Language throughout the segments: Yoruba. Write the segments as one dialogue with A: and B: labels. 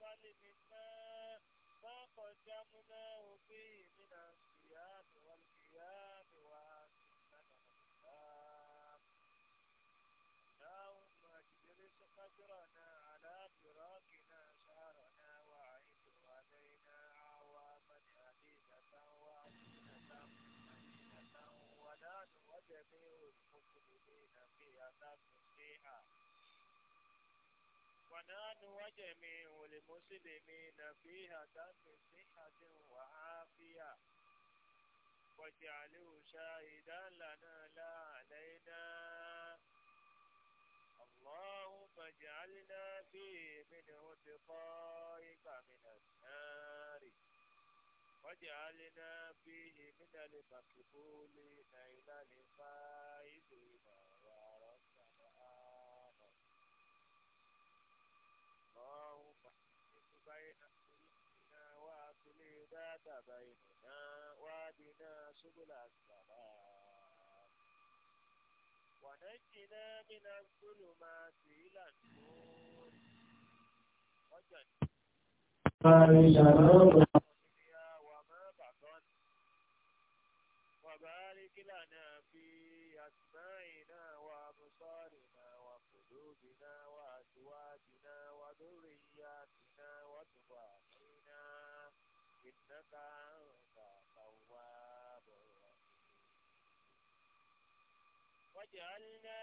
A: سلم ما قدمناه فيه ونحن وجميع المسلمين فيها تنفي صحة وعافية واجعله شاهدا لنا لا علينا اللهم اجعلنا فيه من اتقائك من النار واجعلنا فيه من المقبولين إلى الفاتحة بيننا وبنا سبل السلام ونجنا من الظلمات إلى النور
B: وجنة وما بطن
A: وبارك لنا في أسماعنا وأبصارنا وقلوبنا وأزواجنا وذرياتنا وتب وجعلنا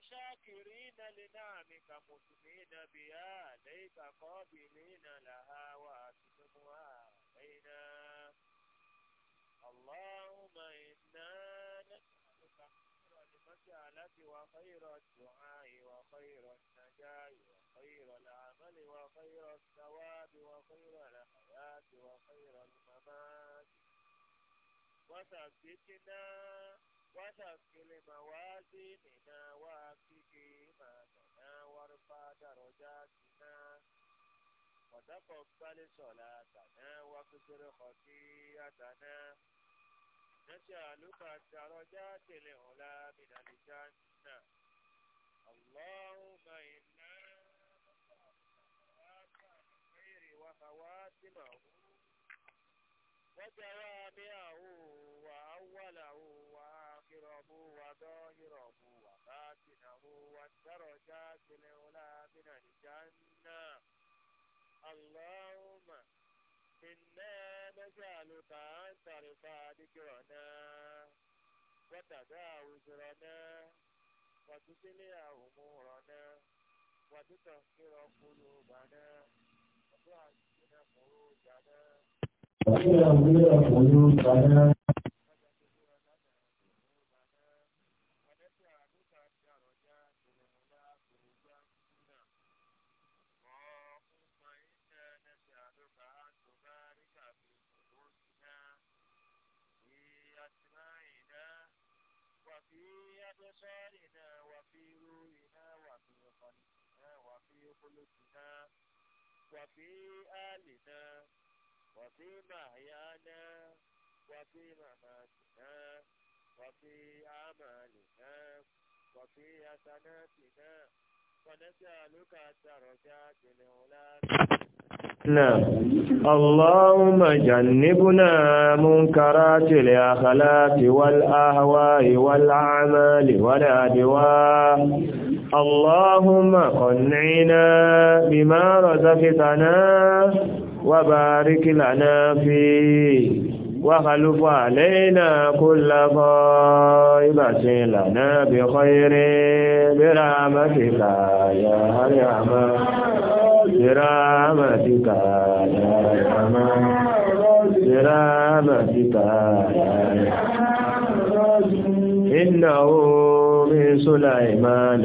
A: شاكرين لنعمك مسلمين بها ليس قابلين لها وأسلمها بينا اللهم إنا نسألك خير المسألة وخير الدعاء وخير النجاة وخير العمل وخير الثواب وخير الحياة وخير الممات وثبتنا وثقل موازيننا واكف إيماننا وارفع درجاتنا وتقبل صلاتنا واكسر خطيئتنا نسألك الدرجات العلى من الجنة اللهم إنا لازمه وجوامعه وأوله وآخره وظاهره وباطنه والدرجات العلى من الجنة اللهم إنا نسألك أن ترفع ذكرنا وتدع وزرنا وتسلع أمورنا وتطهر
B: قلوبنا وتعزز وإلى أولى قلوبنا أبصارنا وفي روحنا
A: وفي قلبنا وفي قلوبنا وفي آلنا وفي محيانا وفي مماتنا وفي أعمالنا وفي حسناتنا ونسألك اللهم جنبنا منكرات الأخلاق والأهواء والأعمال والأدواء اللهم قنعنا بما رزقتنا وبارك لنا فيه وخلف علينا كل غائبة لنا بخير برحمتك يا أرحم برحمتك يا أرحم برحمتك يا
C: أرحم
A: إنه من سليمان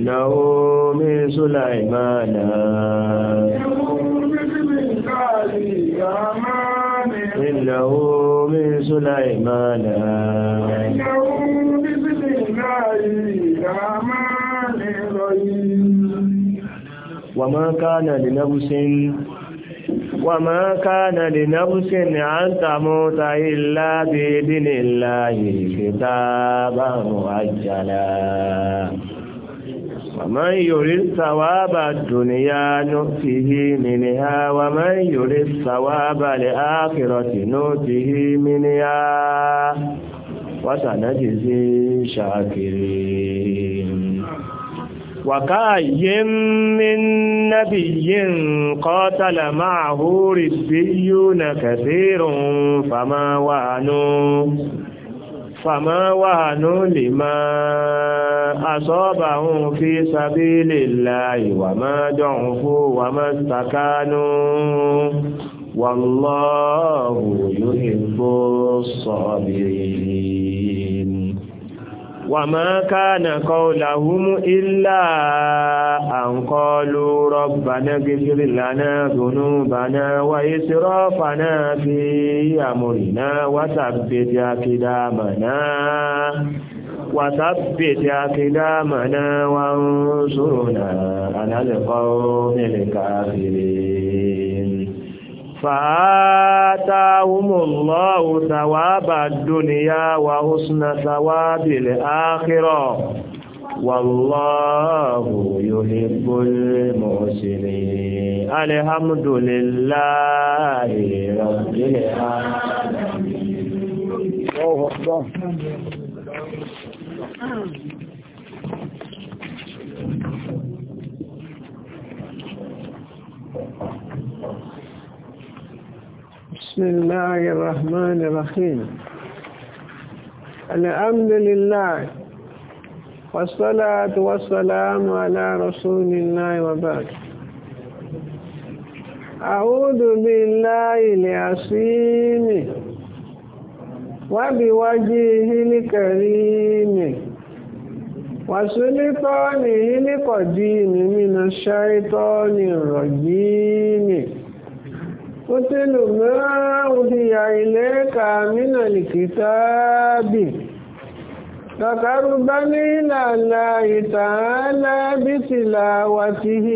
A: إنه من سليمان سليمانا
C: إنه بسم الله الرحمن الرحيم
A: وما كان لنفس وما كان لنفس أن تموت إلا بإذن الله كتابا مؤجلا ومن يريد ثواب الدنيا نؤته منها ومن يريد ثواب الآخرة نؤته منها وسنجزي شاكرين وكاين من نبي قاتل معه ربيون كثير فما وعنوا fàmọ́ wàhánú lè máa asọ́ọ̀bà ń fi sabilillahi wa ma da'ufu wa ma istakanu wallahu yuhibbu as-sabirin wà máa káànà qawluhum illa an qalu rabbana ighfir lana dhunubana wa israfana fi amrina wa thabbit aqdamana وثبت أقدامنا وانصرنا على القوم الكافرين fàátàhùmùlọ́hù sàwábà dúnìyà wà húsùnà sàwábì lè ákírọ̀ wàlọ́hù yuhibbul muhsinin alhamdulillahi rabbil
B: alamin
C: بسم الله الرحمن الرحيم الحمد لله والصلاة والسلام على رسول الله وبعد أعوذ بالله العظيم وبوجهه الكريم وسلطانه القديم من الشيطان الرجيم قتل ما أوحي إليك من الكتاب تقربني إلى الله تعالى بتلاوته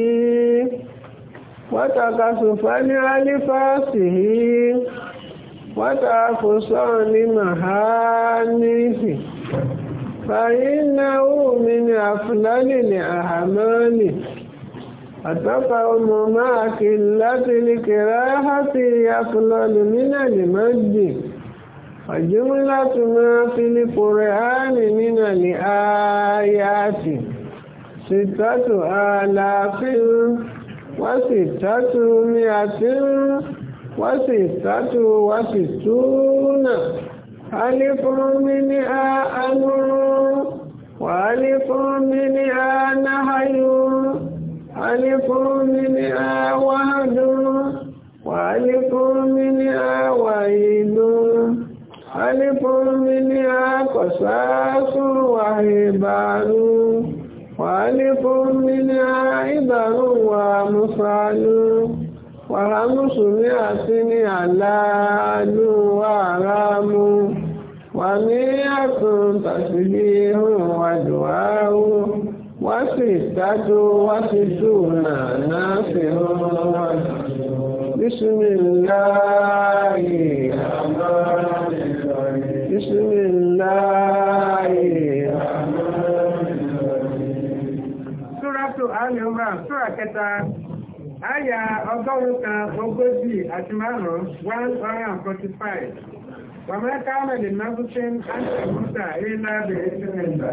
C: وتكسفا لفاسه وتعفصا لمهانه فإنه من أفلل الأعمال أتطعم مع قلة الكراهة يفلل من المجد وجملة ما في القرآن من الآيات ستة آلاف وستة مئة وستة وستون ألف منها أمر وألف منها نهي aịpụ iri awdụ ịpụ mmiri awainụ anịpụ mmiri akọtakụụwahbụ anụ kwaịpụ mmiri aịda hụ nwa mụtụ anụ nwa ha mụtụrụatiria naanụ waramụ wa i ya kụrụ tatiri hụ nwawahụ wá sì dájú wá sì dùn náà sì rán wá bísímìláì bísímìláì. Súrátù Alìmọ́ sura kẹta, àyà ọgọ́rùn-ún kan ogójì àti márùn-ún one hundred and forty-five. Wàmọ́ ká mẹ́lì náà fún ṣe ń ṣe àmúta ilé lábẹ́ ìṣẹ́lẹ̀ ìgbà.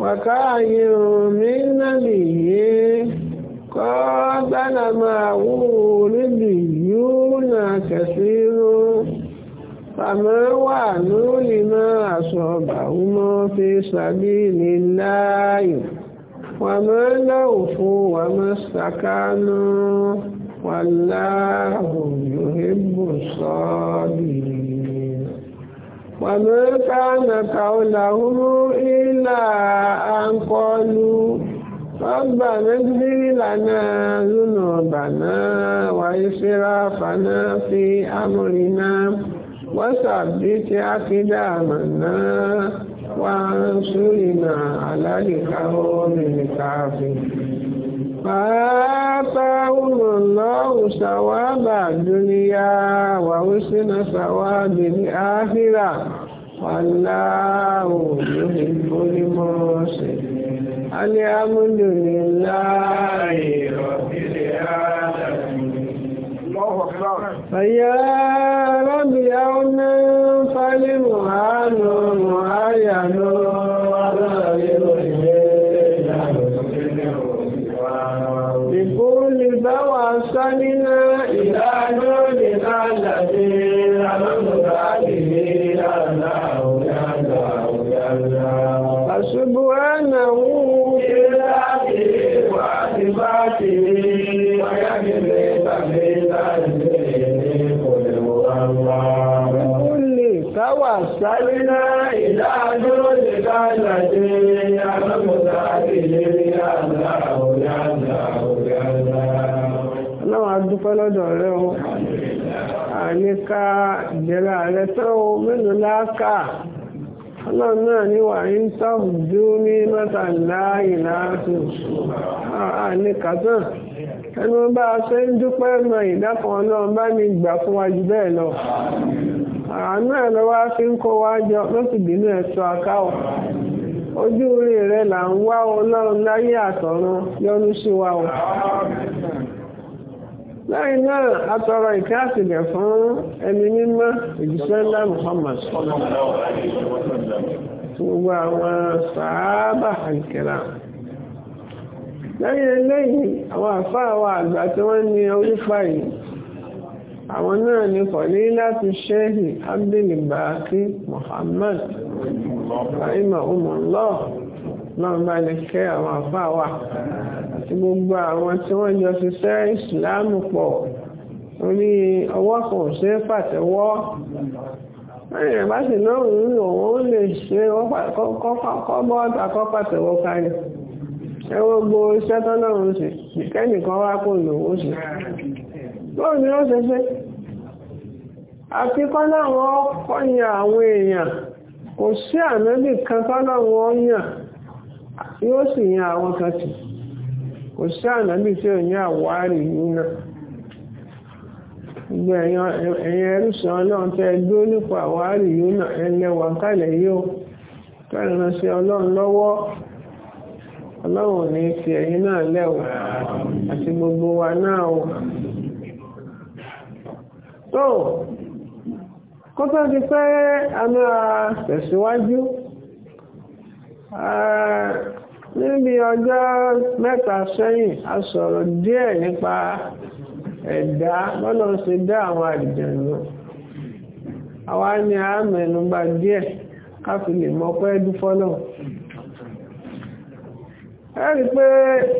C: wàkáàyè omi nàbì yìí kọ́ gbádà máa wù níbi yóò nà kẹsí rú fàmọ́ wà lórí máa sọ bàwúmọ́ fi sàbí ní láàyè wàmọ́ lọ́wọ́ fún wàmọ́ sàkánú wàláhùn yóò hébù sọ́ọ́bìrì. وما كان قولهم إلا أن قالوا ربنا اغفر لنا ذنوبنا وإسرافنا في أمرنا وثبت أقدامنا وانصرنا على القوم الكافرين فآتاهم الله ثواب الدنيا وحسن ثواب الآخرة والله يحب المحسنين الحمد لله
B: رب العالمين
C: الله أكبر فيا رب يوم فالمهان معين وغير وأرسلنا إلى نور العالمين المباركين على هدانا هدانا فسبحانه بذاته وصفاته ويجري تقليده كل توسلنا إلى نور العالمين المباركين dúpẹ́ lọ́dọ̀ rẹ o àníká ìdẹ́ra rẹ tó o mélòó láàkà ọlọ́run náà ní wà ń ní mẹ́tàlá ìlàtò àníká tán ẹnu bá a ṣe ń dúpẹ́ mọ ìdákan ọlọ́run bá ní ìgbà fún wa jù bẹ́ẹ̀ lọ àánú ẹ̀ lọ́wọ́ fi ń kó wa jọ ojú là ń wá wa o. lẹ́yìn náà a tọrọ ìkẹ́ àtìlẹ̀ fún ẹni mímọ́ ìjíṣẹ́ ńlá Muhammad gbogbo àwọn sàábà àìkẹ́rà lẹ́yìn eléyìí àwọn àfáà wa àgbà tí wọ́n ní orífà yìí àwọn náà ní kọ̀lí láti ṣẹ́hì abdulbaki Muhammad rahimahumullah náà bá kẹ́ àwọn àfáà wa. gbogbo àwọn tí wọ́n jọ ṣiṣẹ́ ìsìláàmù pọ̀ orí ọwọ́ kan ṣe pàtẹ́wọ́ rẹ̀ bá sì náà ń lò wọ́n lè ṣe kọ́bọ́ àkọ́ pàtẹ́wọ́ kárí ẹ gbogbo iṣẹ́ tọ́lọ́run sí kẹ́nìkan wá lòun sí lóòrùn ó ṣe ṣe àti ọkọ̀ àwọn èèyàn kò sí ànábì kan sì kò sí ànábì tí ò ní àwárí yìí náà gbogbo ẹ̀yin ẹrúsàn ọlọ́run tẹ́ ẹ dúró nípa àwárí yìí náà ẹ lẹ́wà kálẹ̀ yìí ó kẹrin sí ọlọ́run lọ́wọ́ ọlọ́run ní fi ẹ̀yin náà lẹ́wà àti gbogbo wa náà o. tó kó tó di pé a máa tẹ̀síwájú. níbi ọjọ́ mẹ́ta sẹ́yìn a sọ̀rọ̀ díẹ̀ nípa ẹ̀dá bọ́lá ń ṣe dá àwọn àdìjẹ̀nu àwa ni a mẹ́nubà díẹ̀ ká fi lè mọ dúfọ́lọ̀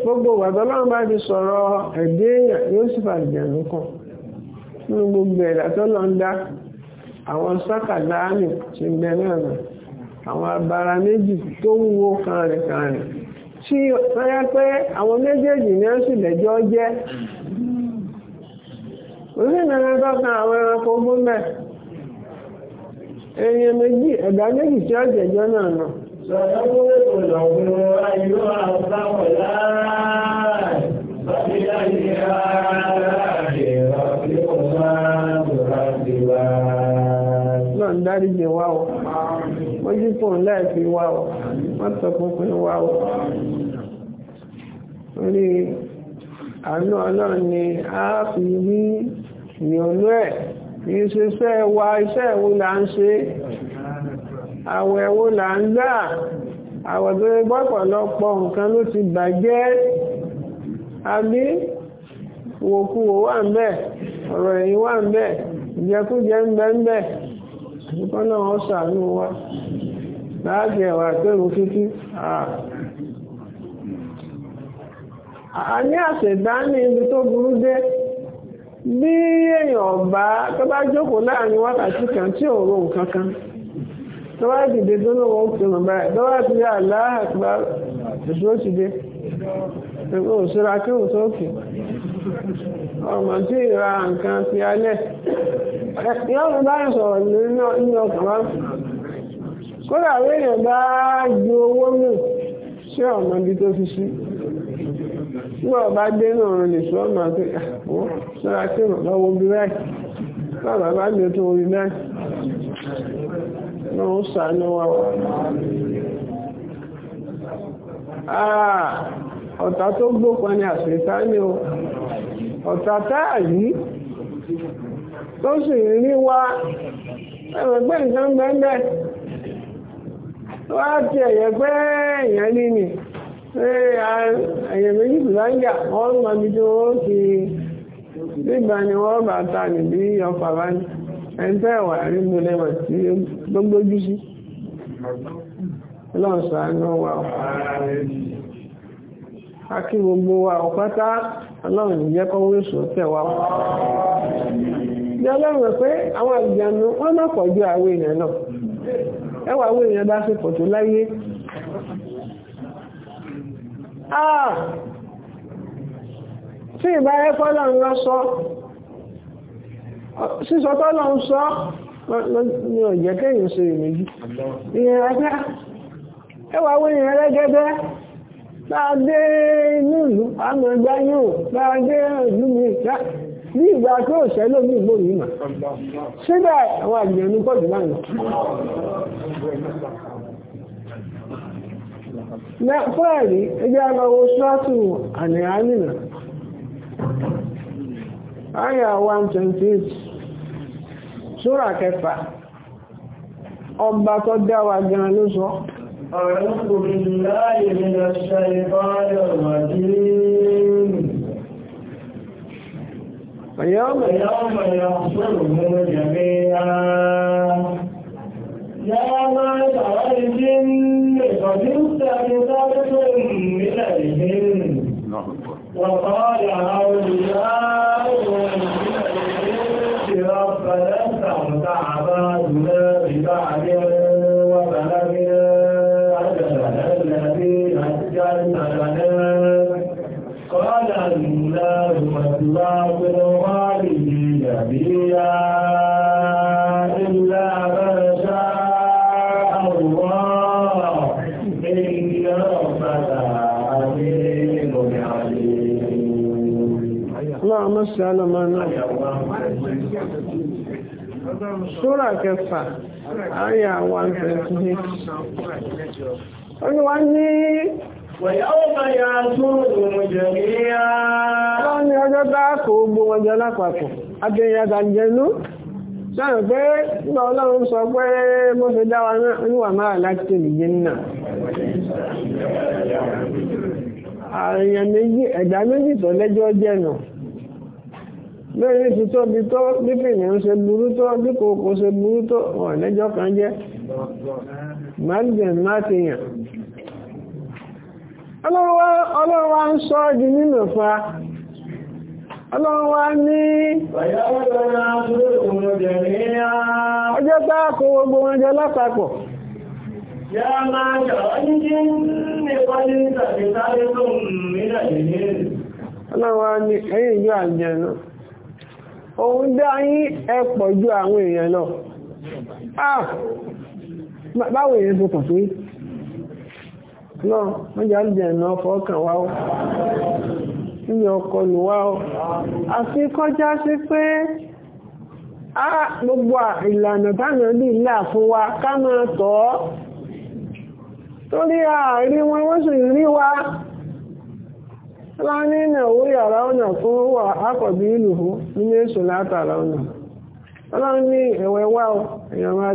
C: gbogbo wàtọ́lọ́run bá ti sọ̀rọ̀ ẹ̀dẹ́yàn yóò sì fàdìjẹ̀nu kan nínú gbogbo ẹ̀dá tó lọ ń dá àwọn ti abara méjì tó kan rẹ̀ tí sọ́yá pé àwọn méjèèjì ní ọ́sùn lẹ́jọ́ jẹ́ mẹ́rin tọ́ka àwọn ẹranko gómẹ̀ èèyàn méjì ẹ̀dá méjì tí ó jẹ̀jọ́ náà nà. lọ́wọ́ náà ń dárí wá o mọ́tọ̀pọ̀pọ̀ wà ó orí àánú ọlọ́run ni a fi rí ìyọnú ẹ̀ kì í ṣe iṣẹ́ wa iṣẹ́ ìwò là ń ṣe àwẹ̀ ìwò là ń gbà àwẹ̀ tó lè gbọ́pọ̀lọpọ̀ nǹkan ló ti bàjẹ́ àbí wòkúwò wà ń bẹ̀ ọ̀rọ̀ ẹ̀yìn wà ń bẹ̀ ìjẹkújẹ ń bẹ ń bẹ̀ ìkọ́nà ọ̀sán ló wá. láàájẹ ẹ̀wà àtẹ́rù títí a ní àṣẹ̀dá ní ibi tó burú dé bí èèyàn bá tó bá jókòó láàrin wákàtí kan tí ò rò nǹkan kan tó bá dìde tó ló wọ́n tó mọ̀ báyìí tó bá ti rí àláàgbà ìṣòro ti dé ẹgbẹ́ òṣèrà kí ọmọ tí ìra nǹkan fi alẹ́ sọ̀rọ̀ kódà àwọn èèyàn bá ju owó náà ṣé ọ̀nà ibi tó fi sí nígbà bá dé náà rìn lè sọ ọ̀nà àti àwọn ah, sọ́ra tí wọ́n bá wo bí báyìí bàbá bá lè tó orí báyìí náà ó sàánú wa wà. Ah, ọ̀tá tó gbópa ni àṣetá ni o ọ̀tá táà yìí tó sì rí wa ẹ̀rọ gbé nǹkan gbẹ́ngbẹ́. wá ti ẹ̀yẹ pé èèyàn ní ni ẹ̀yẹ méjì fìlànjà wọ́n máa bí tí wọ́n ti gbígbà ni wọ́n bá ta níbi ọkọ̀ àbáni ẹni tẹ́ ẹ̀wà rí mo lẹ́wà sí gbógbójú sí ọlọ́run ṣàánú wa a kí gbogbo wa ọ̀pátá ọlọ́run jẹ́ kọ́wé sọ́tẹ̀ wa bí ọlọ́run pé àwọn àjànú wọ́n má pọ̀ ju àwọn èèyàn náà ẹwà owó èèyàn bá ṣe pọ̀ tó láyé ah tí ìbá ẹ̀kọ́ lọ́n lọ sọ sísọ tó lọ́n sọ ní ọ̀jẹ́ kẹ́yìn ṣe ìmẹ́jì ìyẹn ẹgbẹ́ ẹwà owó èèyàn rẹ́gẹ́dẹ́ láàdé inú ìlú àmì ẹgbẹ́ yóò láàdé ìlú mi bí ìgbà pé òṣèlú ní ìgbòrò ìmọ̀ síbẹ̀ àwọn àgbìyànjú pọ̀ jù láàrin fún ẹ̀rí ẹjẹ́ agbáwo ṣọ́tù àníhánìnà àyà 128 ṣúra kẹfà ọba tó dáwà gan ló sọ أعوذ بالله من الشيطان الرجيم ويوم يوم يحصرهم جميعا يا معشر الجن قد استكثرتم من
B: الجن
C: وقال أولياؤهم من
A: الجن ربنا استمتع بعضنا ببعض الله مثلا بالوالدين بيا إلا ما شاء الله إن ربك
C: عزيز
B: عليم اللهم صل على محمد
C: Súra kẹfà,
B: àyà 128.
C: Olúwa ní ويوم يعصون جميعا Wọ́n ni ọjọ́ bá kò gbogbo wọn jẹ lápapọ̀, abẹ́yàdà jẹnú. Sáàrùn pé nígbà ọlọ́run sọ pé mo fi dá wa níwà máa láti ìgbé náà. Àyàn méjì, ẹ̀dá méjì tó lẹ́jọ́ jẹ̀nà. Lórí ti tóbi tó, bí fìyàn ṣe burú tó, bí kòkó ṣe burú tó, wọ̀n lẹ́jọ́ kan jẹ́. Màá máa ti yàn. ọlọ́run wá ń sọ ọ́ di nílò ọlọ́run wá ní ọjọ́ lápapọ̀ ọlọ́run wá ní ẹ̀yìn ìjọ àjẹ́ òun dá ju àwọn èèyàn lọ ah! báwo èèyàn tó kàn lọ́n wọ́n jà lè jẹ̀nà ọkọ̀ ọkàn wá ó níbi ọkọ̀ lù wá ó àfi kọjá sí pé a gbogbo ìlànà táwọn ẹbí là fún wa ká máa tọ̀ torí àárí wọn wọ́n sì rí wa láàrin ìnáwó yàrá ọ̀nà fún wà ákọ̀bí ìlú fún nílé èso látàrà ọ̀nà ọlọ́run ní ẹ̀wẹ̀ wá ó máa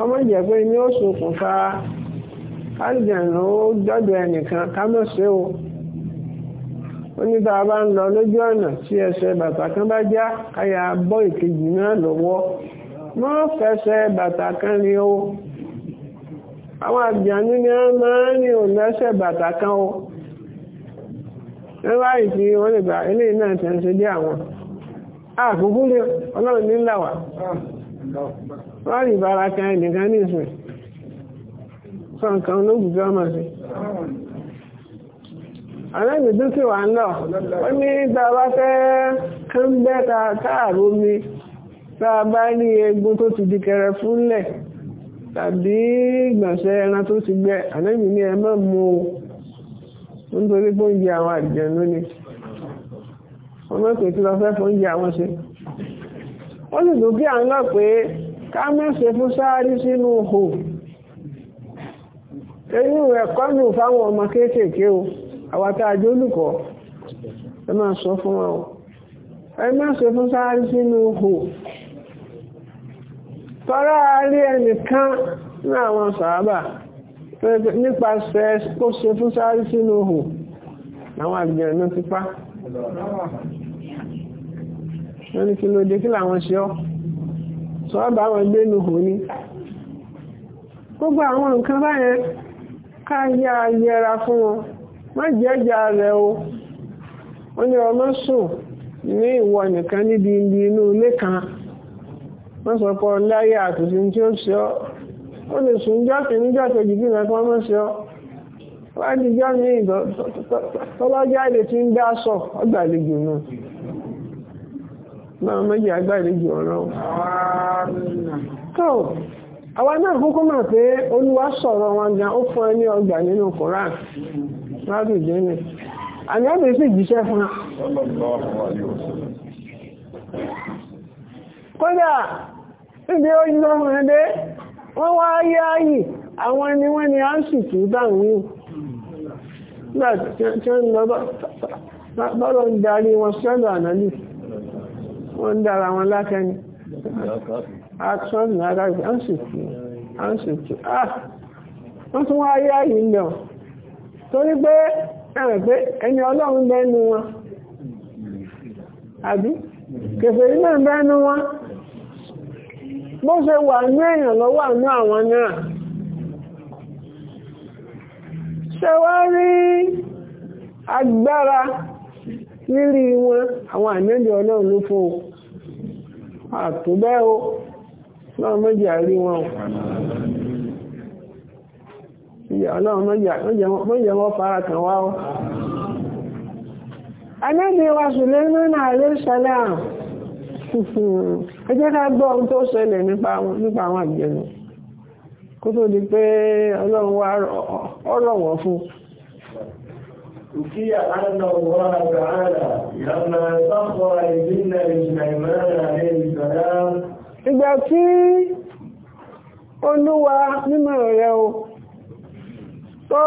C: ọmọ ìjẹ́ pé ní ó ṣokùnfà alìjẹ̀nù ó dọ́dọ̀ ẹnìkan ká mọ̀ sí o ó ní bá a bá ń lọ lójú ọ̀nà tí ẹsẹ̀ bàtà kan bá já káyà bọ́ ìkejì náà lọ́wọ́ mọ́ fẹsẹ̀ bàtà kan ni o àwọn àjànú ni wọ́n máa ń rìn ò bàtà kan o wọ́n báyìí tí wọ́n lè gbà eléyìí náà tẹ̀ ń ṣe dé àwọn àkókò lé ọlọ́run ní ńlá wa. wọ́n rí bára kan ẹnìkan ní ìsìn sọ nǹkan ọmọ sí alẹ́gbẹ̀dún sì wà lọ ó ní tàbá fẹ́ kán bẹ́ta káàrò mi tàbá ní egun tó ti di kẹrẹ fúnlẹ̀ tàbí ìgbọ̀nsẹ̀ ẹran tó ti gbẹ ní mu o nítorí pé oúnjẹ àwọn ni ọmọ ìpè tí lọ fẹ́ fún oúnjẹ àwọn ṣe ó sì dùn à ń lọ ká má ṣe fún sáárí sínú hò èyí rẹ̀ kọ́nù fáwọn ọmọ kéékèèké o àwọn tá a jẹ́ olùkọ́ ẹ máa sọ fún wa o ẹ má ṣe fún sáárí sínú hò tọ́rọ rí ẹnìkan ní àwọn sàábà nípasẹ̀ kó ṣe fún sáárí sínú hò àwọn àgbẹ̀rẹ̀ náà ti pa wọ́n ní kí ló dé kí làwọn ṣe ọ́ sọ ọ́ bá wọn gbénu hù ní. gbogbo àwọn nǹkan báyẹn ká yá yẹra fún wọn má jẹ́jà rẹ̀ o wọ́n ní ọmọ sùn ní ìwọ nìkan níbi ibi inú ilé kan wọ́n sọ pé ọláyé àtúntì tí ó ṣe ọ́ ó lè sùn bí nǹkan ṣe ọ́ wọ́n á di tọ́lọ́jà ń náà méjì agbáyéjì ọlọ́run tó àwa náà kúkú mọ̀ pé olúwa sọ̀rọ̀ wọn gan ó fún ẹ koran ládùn jẹ́nì àmì ọ̀bẹ̀ sì jíṣẹ́ fún wa. kódà níbi ó yí lọ́mọ ẹdẹ wọ́n wá ayé ayì àwọn ẹni wọ́n ni bá ń nígbà tí wọ́n lọ wọn wọ́n dára wọn lákẹ́ni àtúnṣe adájú àǹsìkì àǹsìkì ah wọ́n tún yìí lọ torí pé ẹ̀rẹ̀ pé ẹni ọlọ́run bẹ́nu wọn àbí kèfèrí náà bẹ́nu wọn bó wà ní èèyàn lọ́wọ́ àánú àwọn náà ṣe rírí wọn àwọn àmẹ́bí ọlọ́run ló fún àtúbẹ́ o náà méjì àrí wọn fara o wa Sùlẹ́mánà alayhi salam ẹ jẹ́ ká gbọ́ ohun tó ṣẹlẹ̀ nípa àwọn àgbẹ̀nù
A: حكي أن الله تعالى لما سخر
C: الجن لسليمان عليه السلام ìgbà tí olúwa nínú rẹ̀ o tó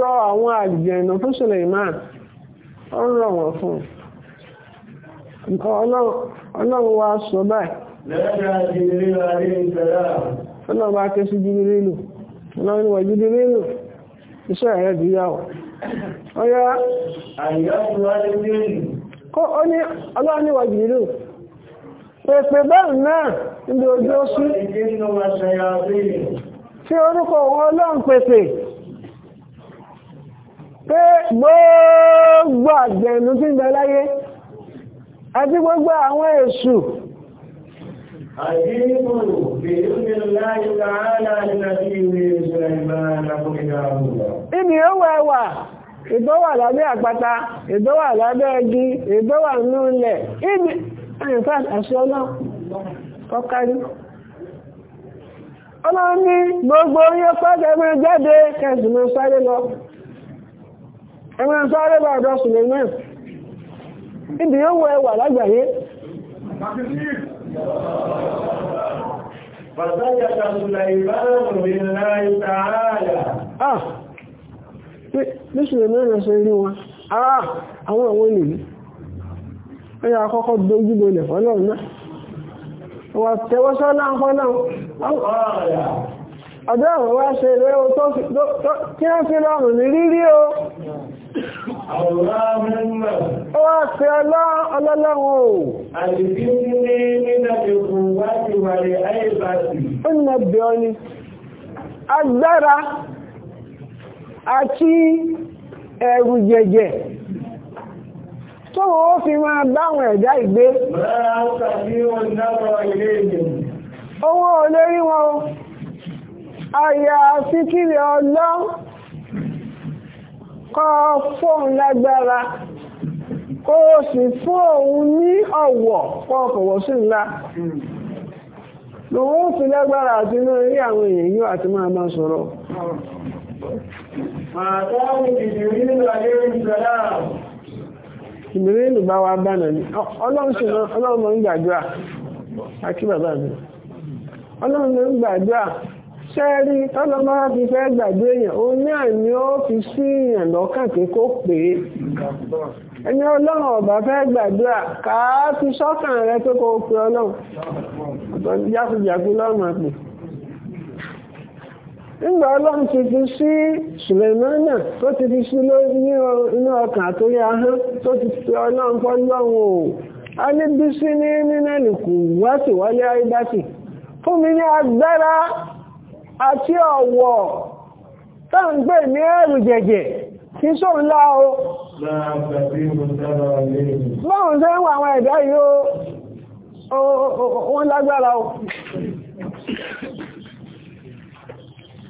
C: àwọn àjẹ̀nà fún Suleiman ó ń rọ̀ wọ́n fún ọlọ́run wa sọ
A: báyìí
C: ọlọ́run wa kẹ́ sí ọlọ́run wa jírílù iṣẹ́ rẹ̀ dìyàwó ọ̀yá ọ̀ní ọlọ́ni wà jìlú pèpè bẹ́ẹ̀ náà níbi ojú ó sí tí orúkọ wọn ọlọ́run pèpè pé gbogbo àgbẹ̀nù tí ń bẹ láyé àti gbogbo àwọn èṣù Ibi ó wà èdò wà lábẹ́ àpáta èdò wà lábẹ́ ẹgi èdò wà nínú ilẹ̀ ibi àyìnfà àṣọ náà kọkárí ọlọ́run ní gbogbo oyé pàtẹ ẹmọ jáde kẹsì mọ sáré lọ ẹmọ sáré bá ọ̀dọ̀ Suleiman ibi pé mùsùlùmí náà ṣe rí wọn ara àwọn àwọn ènìyàn ó yà kọ́kọ́ dojú bolẹ̀ fọ́lọ́run náà wà tẹ́wọ́ sọ́lá fọ́lọ́run ọ̀dọ́ àwọn wá ṣe rẹ̀ o tó kí wọ́n fi lọ́rùn ní rírí o ó wá pẹ́ ọlọ́lọ́run o àdìsí ní nínú ẹ̀kùn wá ti wà ní àìbàtì ó nà bẹ́ ọ ni agbára àti ẹ̀rù jẹ̀jẹ̀ tó wọ́n fi máa báwọn ẹ̀dá ìgbé owó olórí wọn àyà síkìrì ọlọ́ kọ fóun lágbára kó o sì fún ní ọ̀wọ̀ kọ sí ńlá lòun ó fi lágbára àti inú rí àwọn èèyàn àti máa máa sọ̀rọ̀ ما كان ndị عليه السلام ìbìrìlù bá wa bánà ọlọ́run mọ̀ ń gbàdúrà àti bàbá mi ọlọ́run mọ̀ ń gbàdúrà ṣẹ́rí tọ́lọ́mọ́ fi fẹ́ gbàdúrà èèyàn ó ní àmì ó fi sí èèyàn lọ́kàn pé kó ẹni ọlọ́run ọ̀bá fẹ́ gbàdúrà fi sọ́kàn rẹ ọlọ́run nígbà ọlọ́run ti fi sí sùlẹ̀mánà tó ti fi sí inú ọkàn àtórí ahọ́n tó ti fi ọlọ́run pọ́ lọ́run o a ní bí sí ní mínẹ́lì kù wáṣì wálé àrídásì fún mi ní agbára àti ọ̀wọ̀ táǹgbẹ̀ ní ẹ̀rù jẹ̀jẹ̀ kí sóun lá o báwọn àwọn ẹ̀dá yìí wọ́n lágbára o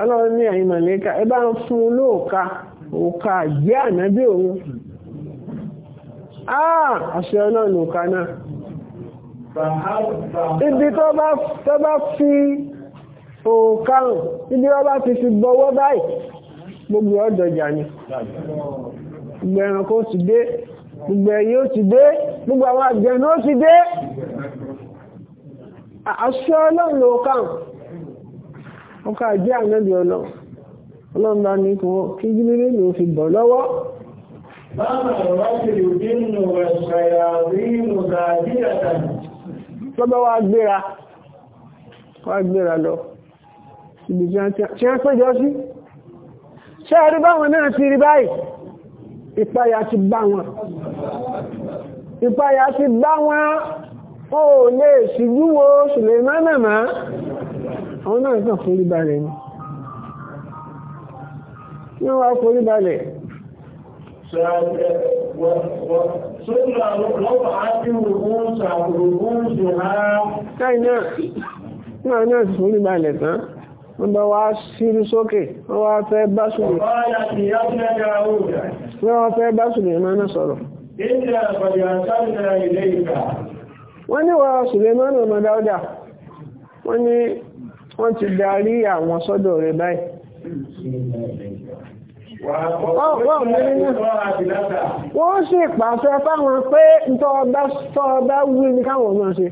C: Ọlọ́run ní ẹ̀yìn màlẹ́kà ẹ bá ń fún un lóòka òka jẹ́ ànábí òun àà àṣẹ ọlọ́run òka náà ibi tó bá fi òka hàn ibi wọ́n bá ti fi bọwọ́ báyìí gbogbo ọ̀dọ̀jà ni gbogbo ẹranko ti dé gbogbo ẹyẹ ó ti dé gbogbo àwọn àgbẹ̀ ó ti dé aṣọ ọlọ́run ló kàn ọkọ̀ àjẹ́ ànábì ọlọ́run ọlọ́run bá ní kò kí jílélé ló fi bọ̀ lọ́wọ́ lọ́bọ̀ wá gbéra wá gbéra lọ ibi tí wọ́n péjọ sí ṣé ẹ̀rí báwọn náà ti rí báyìí ìpayà ti bá wọn ìpayà ti bá wọn ó lè ṣíjú wo Sùlẹ̀mánà àwọn náà kàn forí balẹ̀ ni ní wọ́n forí balẹ̀ Náà wọ́n bá wá sírí sókè, wọ́n wá fẹ́ bá Sùlẹ̀mánà. Wọ́n wá fẹ́ bá Sùlẹ̀mánà sọ̀rọ̀.
A: Ìjẹ́ àpàdé
C: wọ́n ní wọ́n Suleiman ọmọ Dáúdà wọ́n ní wọ́n ti darí àwọn sọ́dọ̀ rẹ̀ báyìí wọ́n sì pàṣẹ fáwọn pé tọ́ọ̀bá wí ní káwọn ọmọ ṣe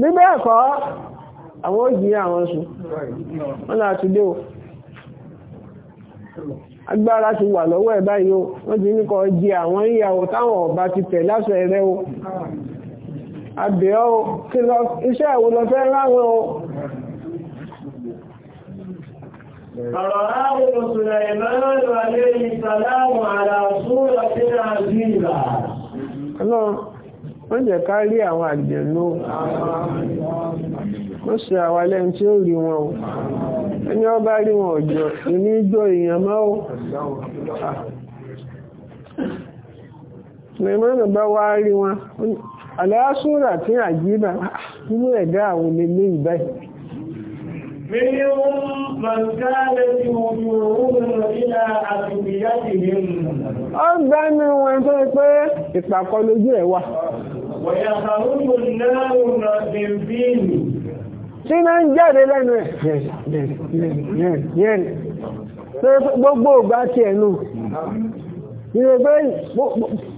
C: nígbẹ́ ẹ̀kọ́ àwọn òjìyàn àwọn sùn wọ́n láti dé o agbára ti wà lọ́wọ́ ẹ̀ báyìí o wọ́n ti ní kọ́ jí àwọn ìyàwó táwọn ọba ti tẹ̀ láṣẹ rẹ̀ o àbẹ̀ ọ́ kí lọ iṣẹ́ ìwò lọ fẹ́ láwọn o
A: Ọ̀rọ̀ ààrùn Sùlẹ̀mánù
C: aléyìn sàlámù àlàsúrà àwọn àjẹ̀lú. Wọ́n ṣe àwà wọn o. Ẹni ọba rí wọn ọjọ́, ìní ìjọ èèyàn mọ́ o. Sùlẹ̀mánù bá wá rí wọn, aláṣúra tí nínú ẹ̀dá àwọn ilé ìbáyìí منهم من كانت وجوههم إلى أدويتهم أبنى وانتهى ìpàkọ́ lójú tí máa ń jáde lẹ́nu ẹ̀ yẹ́n gbogbo ògbà tí ẹ̀nu ìrògbé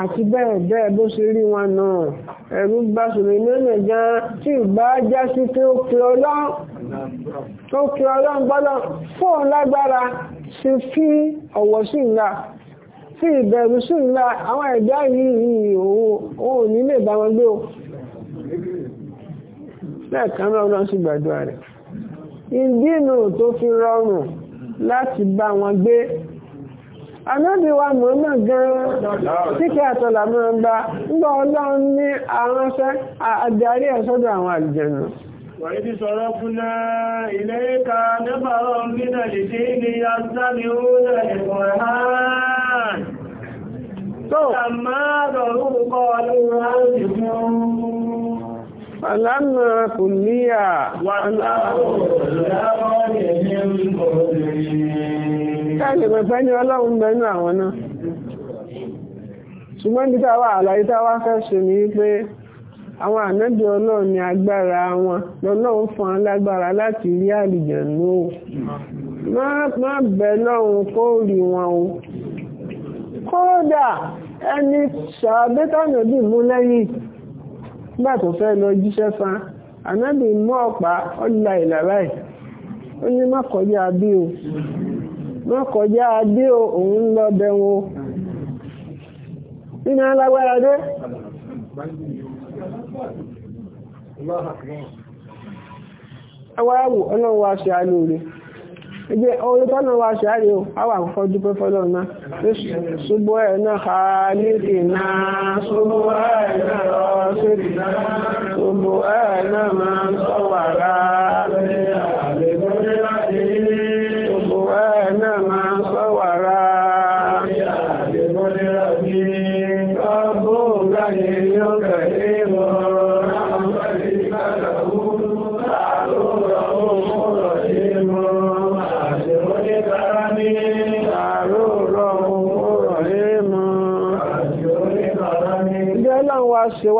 C: àti bẹ́ẹ̀ bẹ́ẹ̀ bó ṣe rí wọn náà ẹ̀rú bá sùnmí lónìí gan tí ìgbà já sí pé ó pe ọlọ́run tó pe ọlọ́run gbọ́dọ̀ fóun lágbára sí fi ọ̀wọ̀ sí ńlá sí ìbẹ̀rù sí ńlá àwọn ẹ̀dá yìí òun ò ní lè bá wọn gbé o lẹ́ẹ̀kan náà lọ́n sí gbàdúrà rẹ̀ ìdí nù tó fi rọrùn láti bá wọn gbé Ànábì wa Muhammad gan-an kíkẹ́ àtọ́là máa ń bá ńgbà ọlọ́run ní àránṣẹ́ àdarí ẹ̀sọ́dọ̀ àwọn àlùjànnú.
A: وإذ صرفنا إليك نفرا من الجن يستمعون القرآن
C: فلما ذروا قالوا فلما
B: káàlì pẹ̀pẹ́
C: ní ọlọ́run bẹnu àwọn náà ṣùgbọ́n bí táwa àlàyé táwa fẹ́ ṣe ni pé àwọn ànábì ọlọ́run ní agbára wọn lọ́lọ́run fún wọn lágbára láti rí àlùjànnú o má bẹ̀ lọ́run kó rí wọn o kódà ẹni ṣàbẹ́tànàbì mú lẹ́yìn nígbà tó fẹ́ lọ jíṣẹ́ fan ànábì mú ọ̀pá ọ̀la ìlàrá ẹ̀ ó ní má kọjá má kọjá adé òun lọ bẹ̀wọ̀n nínú alágbára dé awáráwò ọlọ́run wa ṣe ẹgbẹ́ orí tọ́nà wa ṣe àrẹ àkọ́kọ́ dúpẹ́ fọ́lọ́ ẹ̀ náà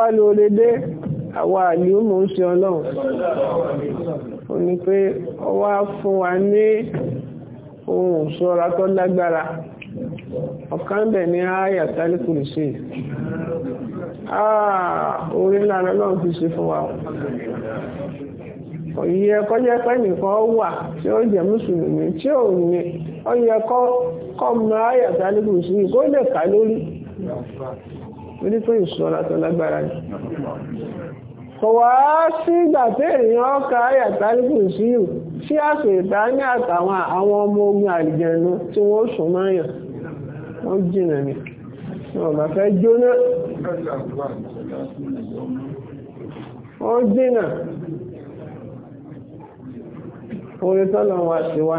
C: wá lóore dé àwa àlùmọ̀ ń ṣe ọlọ́run ó ní pé ọwá fún wa ní ohun tó lágbára ọ̀kan bẹ̀ ní ààyà tálíkù lè ṣe ah, lára ọlọ́run ṣe fún wa nìkan wà tí ó mùsùlùmí tí ò ní onítòyìn sọ́ra tó lágbára ni kò wá sígbà tí ọkà àyàtálùkù sí yù sí àpò ìdáni àtàwọn àwọn ọmọ ogun àlìjẹnu tí wọ́n sùn máa yàn wọ́n jìnà ni wọ́n fẹ́ jóná wọ́n jìnà orí tọ́lọ̀ wa sí wá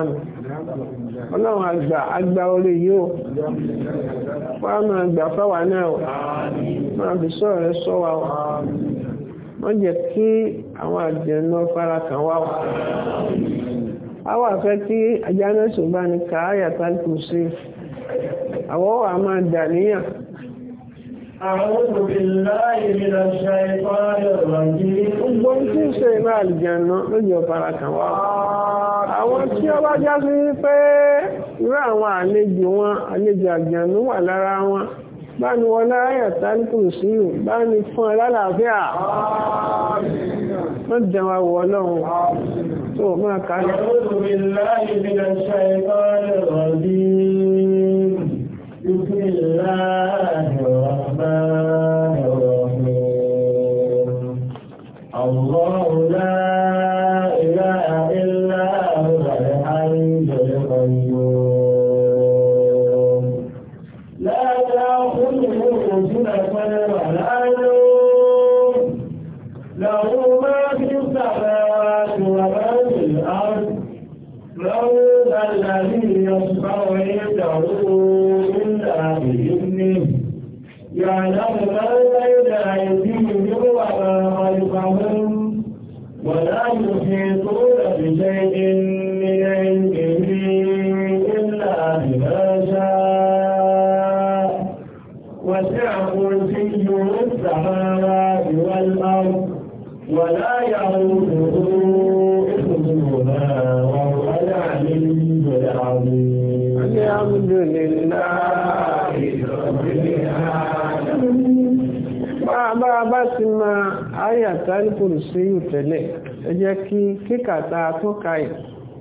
C: ọlọ́run àgbà àgbà orí yóò wọ́n máa gbà fáwa náà o máa fi sọ̀rọ̀ rẹ sọ wa o wọ́n jẹ́ kí àwọn àjẹ̀nà fara kàn wá o àwọn àfẹ́ tí ajá náà ṣùgbọ́n ní kàáyà tá kù sí àwọn wà máa dà níyàn.
A: أعوذ بالله من الشيطان الرجيم Gbogbo tí ń ṣe
C: iná àlìjẹ̀nà lójú ọ̀fara kan wá. Àwọn tí ó bá já sí wípé irú àwọn àlejò wọn, àlejò àjẹ̀nà wà lára wọn. Bá ní wọn láyà tálíkù sí ìlú, bá ní fún ẹ lálàáfíà. Wọ́n jẹun àwọ̀ ọlọ́run. Tó máa kà Àwọn
A: olùrìnláyìn bí ṣe ẹ̀kọ́ rẹ̀ بسم الله الرحمن الرحيم الله لا إله إلا هو الحي القيوم لا
C: تأخذه سنة ولا نوم له ما في السماوات وما في الأرض له الذي يصبر عنده بإذنه يعلم ما بين أيديهم وما خلفهم ولا يحيطون بشيء ti ma ayàtà nìkòrò sí ìtẹ̀lẹ̀ ẹ jẹ́ kí kíkàtà tó kàyè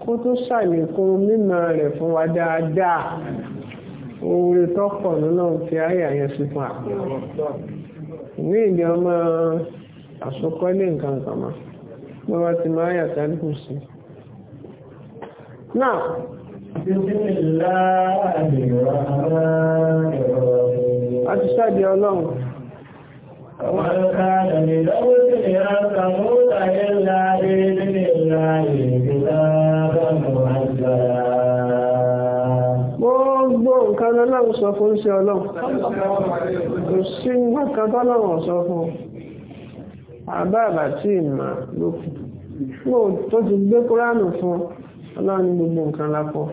C: kó tó ṣàlékún mímọ̀ rẹ̀ fún wa dáadáa oore tọ́pọ̀ nínú ti ayà yẹn sí fún àpò ní ìdí ọmọ àsokọ́lé nǹkan kan mọ́ bí wọ́n ti máa yàtà nìkò sí. náà. a ti ọlọ́run. ومن كان لنبتليات
A: موسى إلا بإذن الله كتابا مهزلا
C: Gbogbo nǹkan ọlọ́run sọ fún ṣe ọlọ́run. Kò sí nǹkan tọ́lọ́run sọ fún. Àbá tí ìmọ̀ ló kù. tó ti gbé Kúránù fún ọlọ́run gbogbo nǹkan lápọ̀.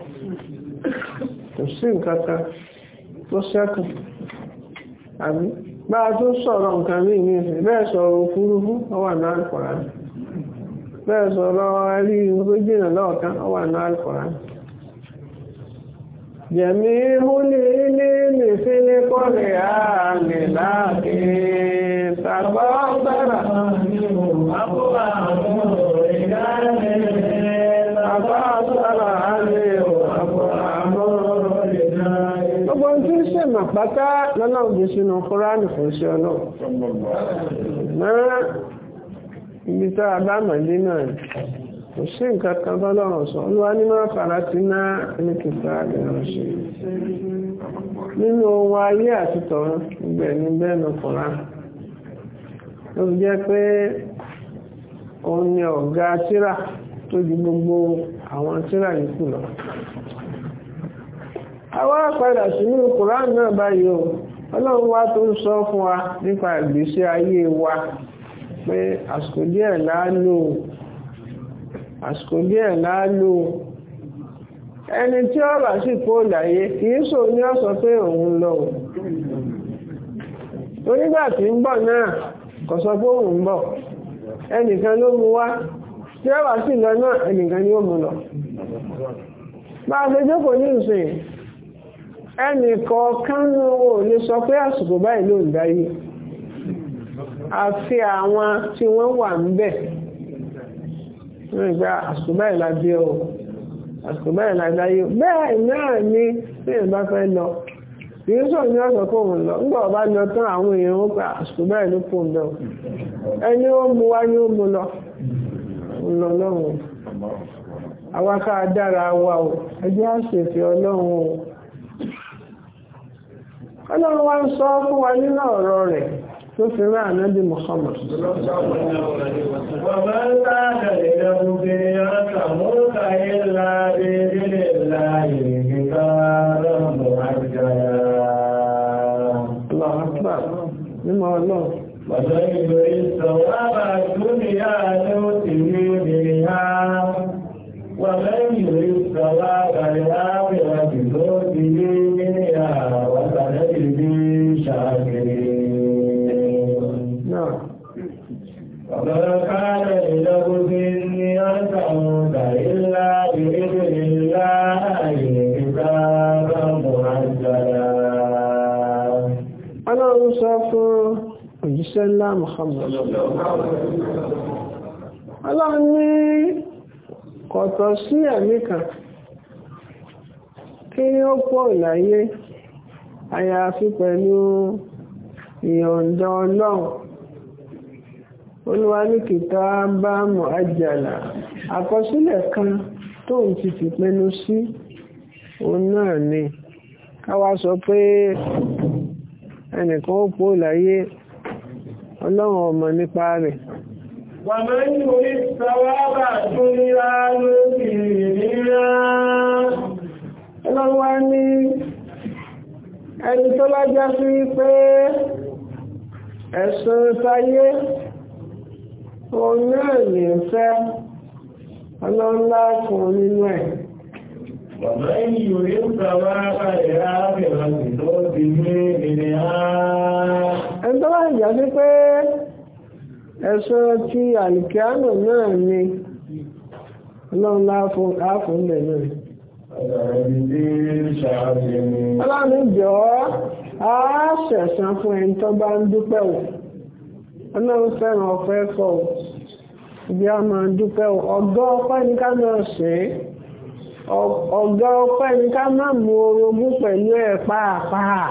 C: Kò sí nǹkan tó ṣẹ́kù. Àbí? bá a tó sọ̀rọ̀ nǹkan bí ní ìsìn bẹ́ẹ̀ ọwà náà alkùnrin bẹ́ẹ̀ sọ̀rọ̀ ẹrí ọwà náà ahụ jẹ̀mí múlẹ̀ ilé nìfẹ́lẹ́ kọ́lẹ̀ àmì ṣe mà pátá lọ́nà òbí sínú kúránì fún sí ọlọ́ ibi tó abámọ̀dé náà kò sí nǹkan kan bọ́lọ́run sọ olúwa ní máa fara ti ná ní kìtà àgbẹ̀rún ṣe nínú ohun ayé àti tọ̀run ibẹ̀ ní bẹ́ẹ̀ lọ́kùnrá ló fi jẹ́ pé òun ni ọ̀gá tíra tó ju gbogbo àwọn tíra yìí kù lọ àwa padà sínú Kùrán náà báyìí o ọlọ́run wá tó ń sọ fún wa nípa ìgbésí ayé wa pé àsìkò díẹ̀ láálò àsìkò díẹ̀ láálò ẹni tí ó bá sì kó láyé kì í sọ ní ọ̀sán pé òun lọ o onígbà tí ń bọ̀ náà kò sọ pé òun ń bọ̀ ẹnìkan ló mú wá tí ó bá sì lọ náà ẹnìkan ni ó mú lọ bá a ṣe jókòó ní ìsìn ẹnìkọ̀ọ̀kan ní owó lè sọ pé àsìkò báyìí ló ń dáyé àfi àwọn tí wọ́n wà ń bẹ̀ Nígbà àsìkò báyìí la bí ọ àsìkò báyìí la dáyé bẹ́ẹ̀ náà ni bí ẹ̀ bá fẹ́ lọ kìí sọ ní ọ̀sán kó lọ nígbà ọba àwọn èèyàn ó قال الله يصاف علينا وروري شوفي مع نبي محمد ومن
A: تاك لله في إلا بإذن الله كتابا مؤجلا
C: الله أكبر مما
A: الثواب الدنيا نوته بها ومن يريد ثواب الآخرة الشاكرين نعم وما كان لنفس ان يرتعد الا باذن الله كتابا معجلا
C: انا انصف òjíṣẹ́ ńlá Muhammad ọlọ́run ní kọ̀tọ̀ sí ẹ̀mí kan kí ó pọ̀ láyé àyàfi pẹ̀lú ìyọ̀ǹda ọlọ́run olúwa ní kìtà bá mọ̀ àjàlá àkọsílẹ̀ kan tóun ti fìpinnu sí òun náà ni káwa sọ pé ẹnìkan ó pò láyé ọlọ́run ọmọ nípa rẹ̀. wàmọ́ ní orí sáwábà tó níra lórí ìrìnrìn rẹ̀ ní ẹni tó lájá sí pé ẹ̀sùn táyé òun náà lè fẹ́ ọlọ́lá fún nínú ẹ̀.
A: Bàbá yìí ò yóò gbàwá àpàdé ààbẹ̀rẹ̀ àgbẹ̀lọ́ ti ní ilẹ̀ ààrẹ.
C: Ẹni tó bá sí pé ẹ̀sùn ti àlìkíánù náà ni ọlọ́run láàfún ilẹ̀ náà.
B: Ọlọ́run
C: jọ á ṣẹ̀san fún ẹni tó bá ń dúpẹ́ o. Ọlọ́run fẹ́ràn ọ̀fẹ́ fọ́ o. Ibi a máa dúpẹ́ o. Ọ̀gá ọpẹ́ ni ká máa ṣe é. Ọ̀gá ọpẹ́ ni ká máa mú orogún pẹ̀lú ẹ̀ pàápàá.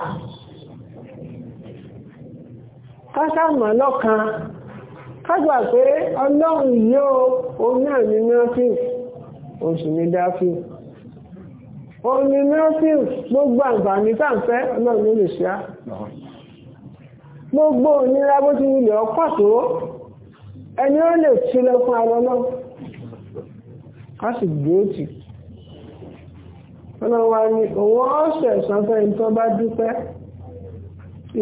C: Ká sàmọ́ lọ́kan. Ká gbà pé ọlọ́run yóò oní àmì náà fi. Oṣù mi dá fi omi milton gbogbo àǹfààní tá à ń fẹ́ ọlọ́run ló lè ṣe á gbogbo ònira bó ti wulẹ̀ ọ̀pọ̀ tó ẹni ó lè túlẹ̀ fún ara náà ká sì dúró tì ọlọ́run wa ni òun ọ̀sẹ̀ sanfẹ́ ní tó bá dúpẹ́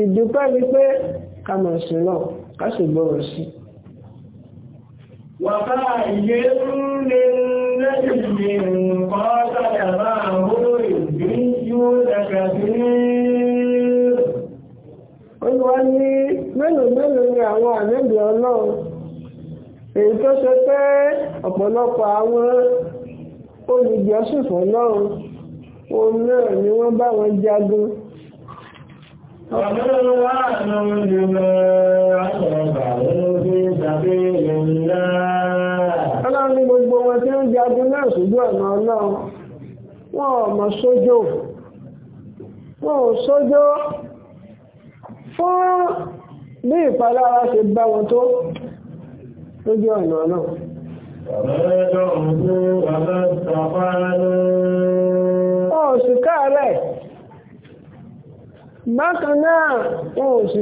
C: ìdúpẹ́ ni pé ká mọ̀ sí náà ká sì gbọ́rọ̀ sí i. وفاجر من نجم قاتل معه ربيون كثير Olúwa ní mélòó ni àwọn àmẹ́bì ọlọ́run èyí ọ̀pọ̀lọpọ̀ àwọn olùjọ́sìn náà ni wọ́n bá wọn jagun Ọlọ́run ní gbogbo wọn tí ó jagun náà sójú ọ̀nà ọlọ́run. Wọ́n ọmọ sójò. Wọ́n ò sójò fún bí ìpalára ṣe bá wọn tó lójú ọ̀nà ọlọ́run. Ọ̀sùká rẹ̀. Bákan náà, wọn ò sì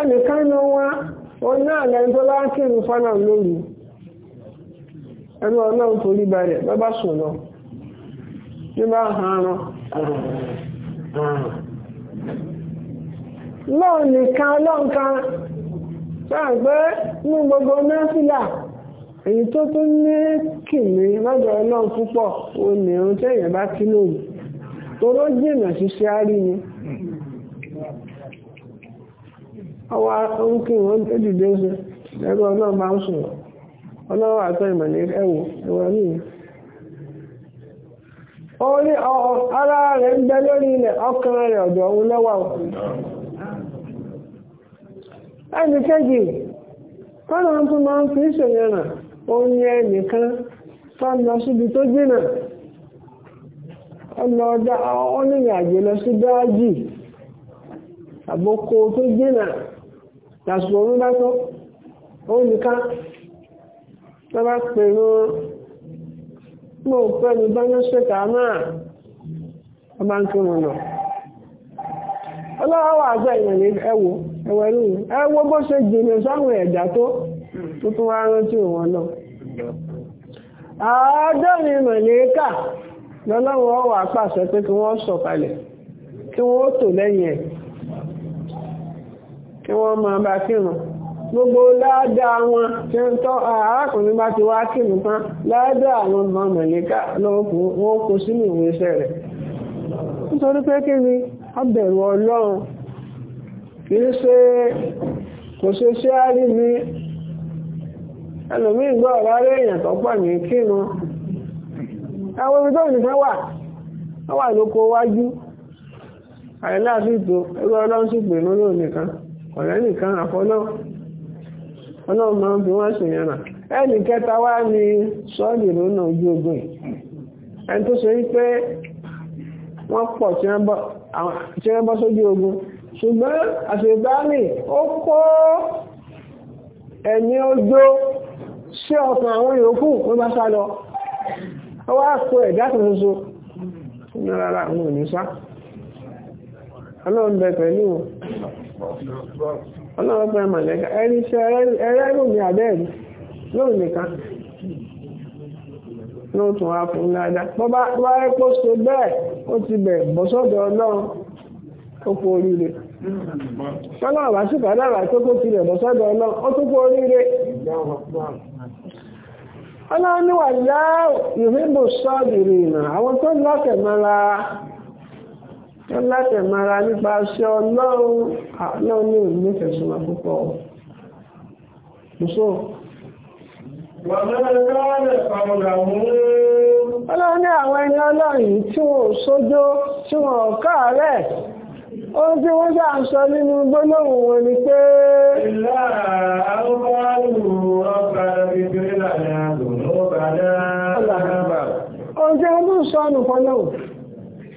C: ẹnìkan ní wá òun náà lẹ́yìn tó bá kírun fọ́nà lóru ẹnu ọlọ́run torí balẹ̀ bá bá sùn lọ ní bá hàn án lọ́ọ̀ nìkan ọlọ́run sáà pé ní gbogbo mẹ́fìlà èyí tó tún ní kìnnì lọ́dọ̀ ọlọ́run púpọ̀ òun nìyẹn bá kí lóru toró jìnnà ṣiṣẹ́ ọwọ́ orúkè wọn tó dìde ṣe ẹgbẹ́ ọlọ́run máa ń sùn ọlọ́run àtọ́ ìmọ̀lẹ́ ẹ̀wò ẹ̀wọ̀ ara rẹ̀ ń bẹ lórí ilẹ̀ ọkàn ọkụ ọ̀dọ̀ òun lọ́wọ́ ẹnì kejì tọ́nà na ẹnìkan tó tó lásìkò òun bá tó òun nìkan tó bá pèrò mọ́ pẹ́ ní báyọ́ ṣèkà náà wọ́n bá wọn ọlọ́wọ́ ẹwọ ẹwọ ẹwọ bó ṣe jìnnà sáwọn ẹ̀dá tó tuntun wá rántí wọn lọ. àádọ́rin mọ̀lẹ́kà lọ́lọ́wọ́ wà pàṣẹ pé kí wọ́n kí wọ́n máa bá kírun gbogbo ládàá wọn tí ń tọ́ arákùnrin bá ti wá kírun tán ládàá àwọn ọmọ mọ̀lẹ́ká lọ́kùn wọn kò sínú ìwé iṣẹ́ rẹ̀ nítorí pé kí ni ọbẹ̀rù ọlọ́run kì í ṣe kò ṣe ṣé á mi ẹlòmíì gbọ́ ọ̀rọ̀ aré èèyàn tó pọ̀ ní kírun àwọn ibi tó nìkan wà wọ́n wà lóko wájú àyẹ̀lá ẹgbẹ́ ọlọ́run sì pè lórí nìkan ọ̀rẹ́ nìkan àfọ́nà ọlọ́run ọmọ ń bí wọ́n sì yànà ẹni kẹta wá ní sọ́ọ̀lì lónà ojú ogun ẹni tó ṣe wípé wọ́n pọ̀ tí wọ́n bọ́ sójú ogun ṣùgbọ́n àṣèbáàmì ó kó ojó sí àwọn yòókù wọ́n bá sá lọ ẹ̀dá ní ọlọ́run pẹ́ mọ̀lẹ́ka ẹni ṣe ẹrẹ́rùn ní àbẹ́ẹ̀rí lóòrùn nìkan ló tún wá fún dáadáa bọ́ bá rẹ́ kó bẹ́ẹ̀ ó ti bẹ̀ bọ́sọ́dọ̀ ọlọ́run ó kú oríire sọ́lọ́run bá sì ti bẹ̀ bọ́sọ́dọ̀ ọlọ́run ó kú oríire ọlọ́run ìrìnbó látẹ̀mọ́ra nípa aṣọ ọlọ́run àlọ́run ah, ní òní ìfẹ̀sùn àkókò mùsùn. ọlọ́run ní àwọn ẹni ọlọ́run yìí tí wọ́n sójó tí wọ́n káàárẹ̀ ohun tí wọ́n ṣà ń sọ nínú gbólóhùn wọn ni pé. ìlà àwọn ọ̀gá ìgbèrè lànà àgbò ló bá dá. ohun tí wọ́n tún sọ nù fọ́lọ́hùn.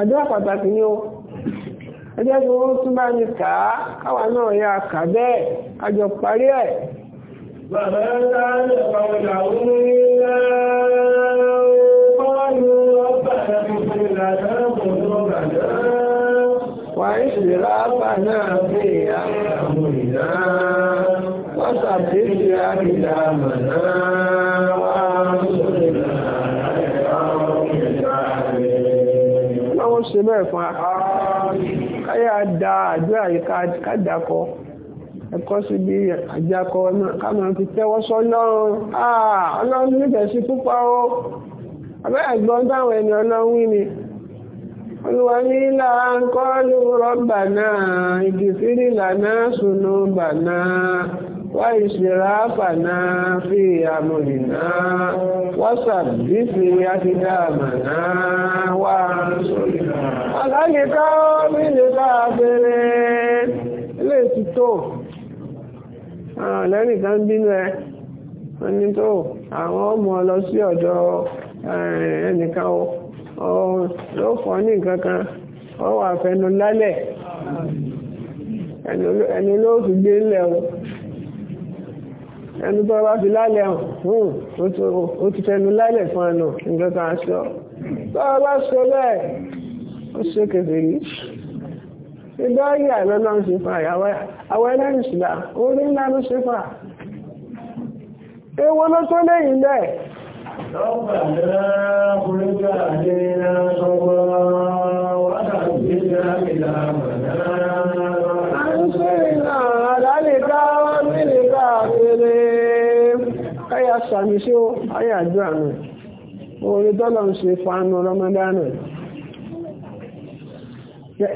C: àdúrà pàtàkì ni ó ẹjẹ́ tí wọ́n tún bá ní kà á káwa náà yà kà bẹ́ẹ̀ kájọ parí ẹ̀. bàbá ń ta ní ọ̀pọ̀lọpọ̀ náà bí àwọn ìlà wọ́n ṣàbẹ̀sẹ̀ àbìlà mọ̀nà wà ń bẹ́ẹ̀ fún wa káyà da àjọ àyíká kádàkọ ẹ̀kọ́ síbi àjàkọ náà káwọn fi tẹ́wọ́ sọ́lọ́run ọlọ́run nífẹ̀ẹ́ sí púpọ̀ o abẹ́ ẹ̀gbọ́n táwọn ẹni ọlọ́run wí ni olùwà ní ilà ń kọ́ naa, rọ́bà náà sùnú وإسرافنا في أمرنا وثبت أقدامنا وانصرنا على القوم الكافرين léèsì tó lẹ́nìkan bínú ẹ wọ́n tó àwọn ọmọ lọ sí ọ̀dọ̀ ẹnìkan ló fọ́ ní nǹkan kan ó wà fẹnu lálẹ̀ ẹni ló fi gbé ńlẹ̀ o ẹnu tó bá fi lálẹ́ hàn ó ti fẹnu lálẹ́ fún ẹnu nǹkan kan sọ tó bá sọ bẹ́ẹ̀ ó ṣe kẹfẹ́ rí ìdáyé àlọ́lọ́ ń ṣe fà àwọn ẹlẹ́rìn ṣùgbà orí ńlá ló ṣe fà ewo ló tó lẹ́yìn bẹ́ẹ̀ lọ́pàá
A: náà kúrúkà ní náà sọ́gbọ́
C: sàmì sí ó ayé àdúrà náà orin tọ́lọ̀ ń ṣe fanu ramadana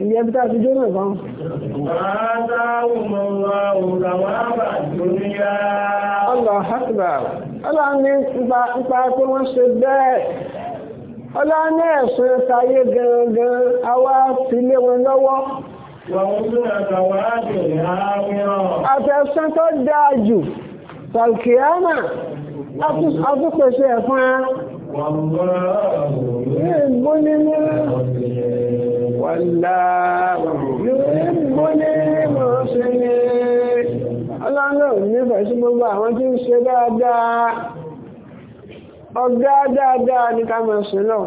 C: ìyẹn tá ti jóná kan Allah akbar Allah ní ipa pé wọ́n ṣe bẹ́ẹ̀ Allah ní ẹ̀sùn tayé gangan awá ti lé wọn àtẹ̀sán tó dáa jù tàlkìyàmà Agúpẹ̀ṣẹ́ ẹ̀fún ẹ́. Ìgbóní ní wàlá ìgbóní mọ̀ sí ní. Ọlọ́run nífẹ̀ẹ́ sí gbogbo àwọn tí ń ṣe dáadáa. Ọgá dáadáa ní ká mọ̀ sí náà.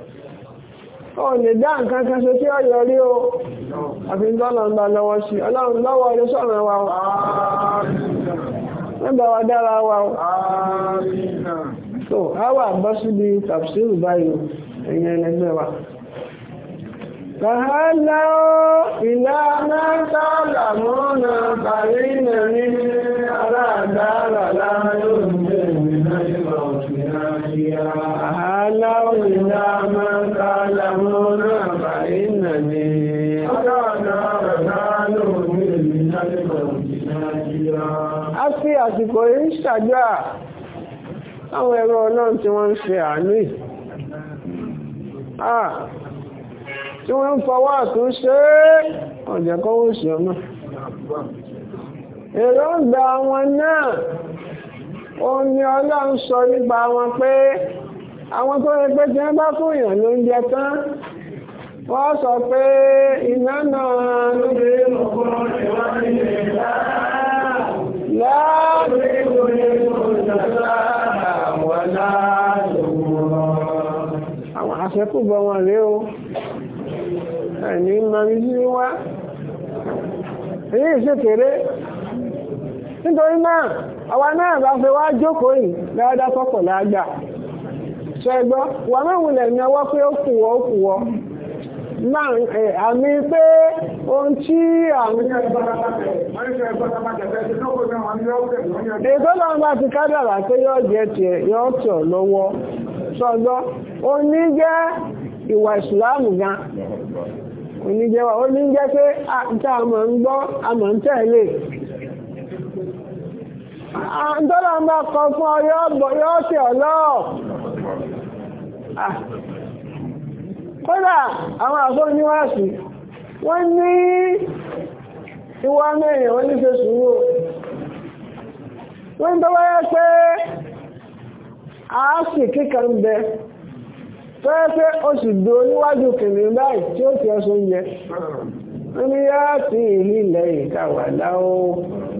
C: ó lè dá nǹkan kan ṣe tí ó yọrí o àfi ń tọ́lọ̀ ń bá lọ́wọ́ sí ọlọ́run lọ́wọ́ ilé sọ̀rọ̀ wa o nígbà wa dára wa o so a wà bọ́ síbi tàbísírù báyìí ẹ̀yìn ẹlẹgbẹ́ wa Tàhálà ìlà máa tààlà mọ́nà bàrí nà aláàdára láàrín òun أهلا إلى من قال هنا فإنني a fi àsìkò yìí ṣàdúrà àwọn ẹ̀rọ ọlọ́run tí wọ́n ń ṣe àánú yìí ah, tí wọ́n ń fọwọ́ àtúnṣe ọ̀jẹ̀kọ́wọ́sì ọmọ èròǹgbà wọn náà ó ní ọlọ́run sọ nípa wọn pé àwọn tó rẹ pé tí bá fún èèyàn ló ń jẹ tán wọ́n sọ pé iná náà ló dé mọ̀kún àwọn aláàlùwọ̀n. wọn rèé o ẹ̀ní mọ̀ ní sí wá èyí ìṣèkèrè. nítorí náà àwa náà bá fẹ́ wá jókòó yìí dáadáa sọ́pọ̀ lágbà ṣẹgbọ́ wà máa wulẹ̀ ní ọwọ́ pé ó kù ó kù àmì pé ohun tí àwọn ti kádàrà pé yóò jẹ́ tiẹ̀ yóò tọ̀ lọ́wọ́ jẹ́ ìwà ìsìláàmù gan jẹ́ pé àtàwọn ń gbọ́ àmọ̀ ń tẹ̀lé àǹtọ́lọ̀ ń kọ fún ọ yóò tì ọ ah. kódà àwọn àfọ́ níwáṣì wọ́n ní ìwọ mẹ́rin wọ́n ní ṣe sùúrù wọ́n tó wáyé pé àásì kíkà ń bẹ tó yẹ pé oṣù dò níwájú kìnìún báyìí tí ó ti ọsùn jẹ wọ́n ní yá sí ìlú ilẹ̀ ìkàwà láwọ́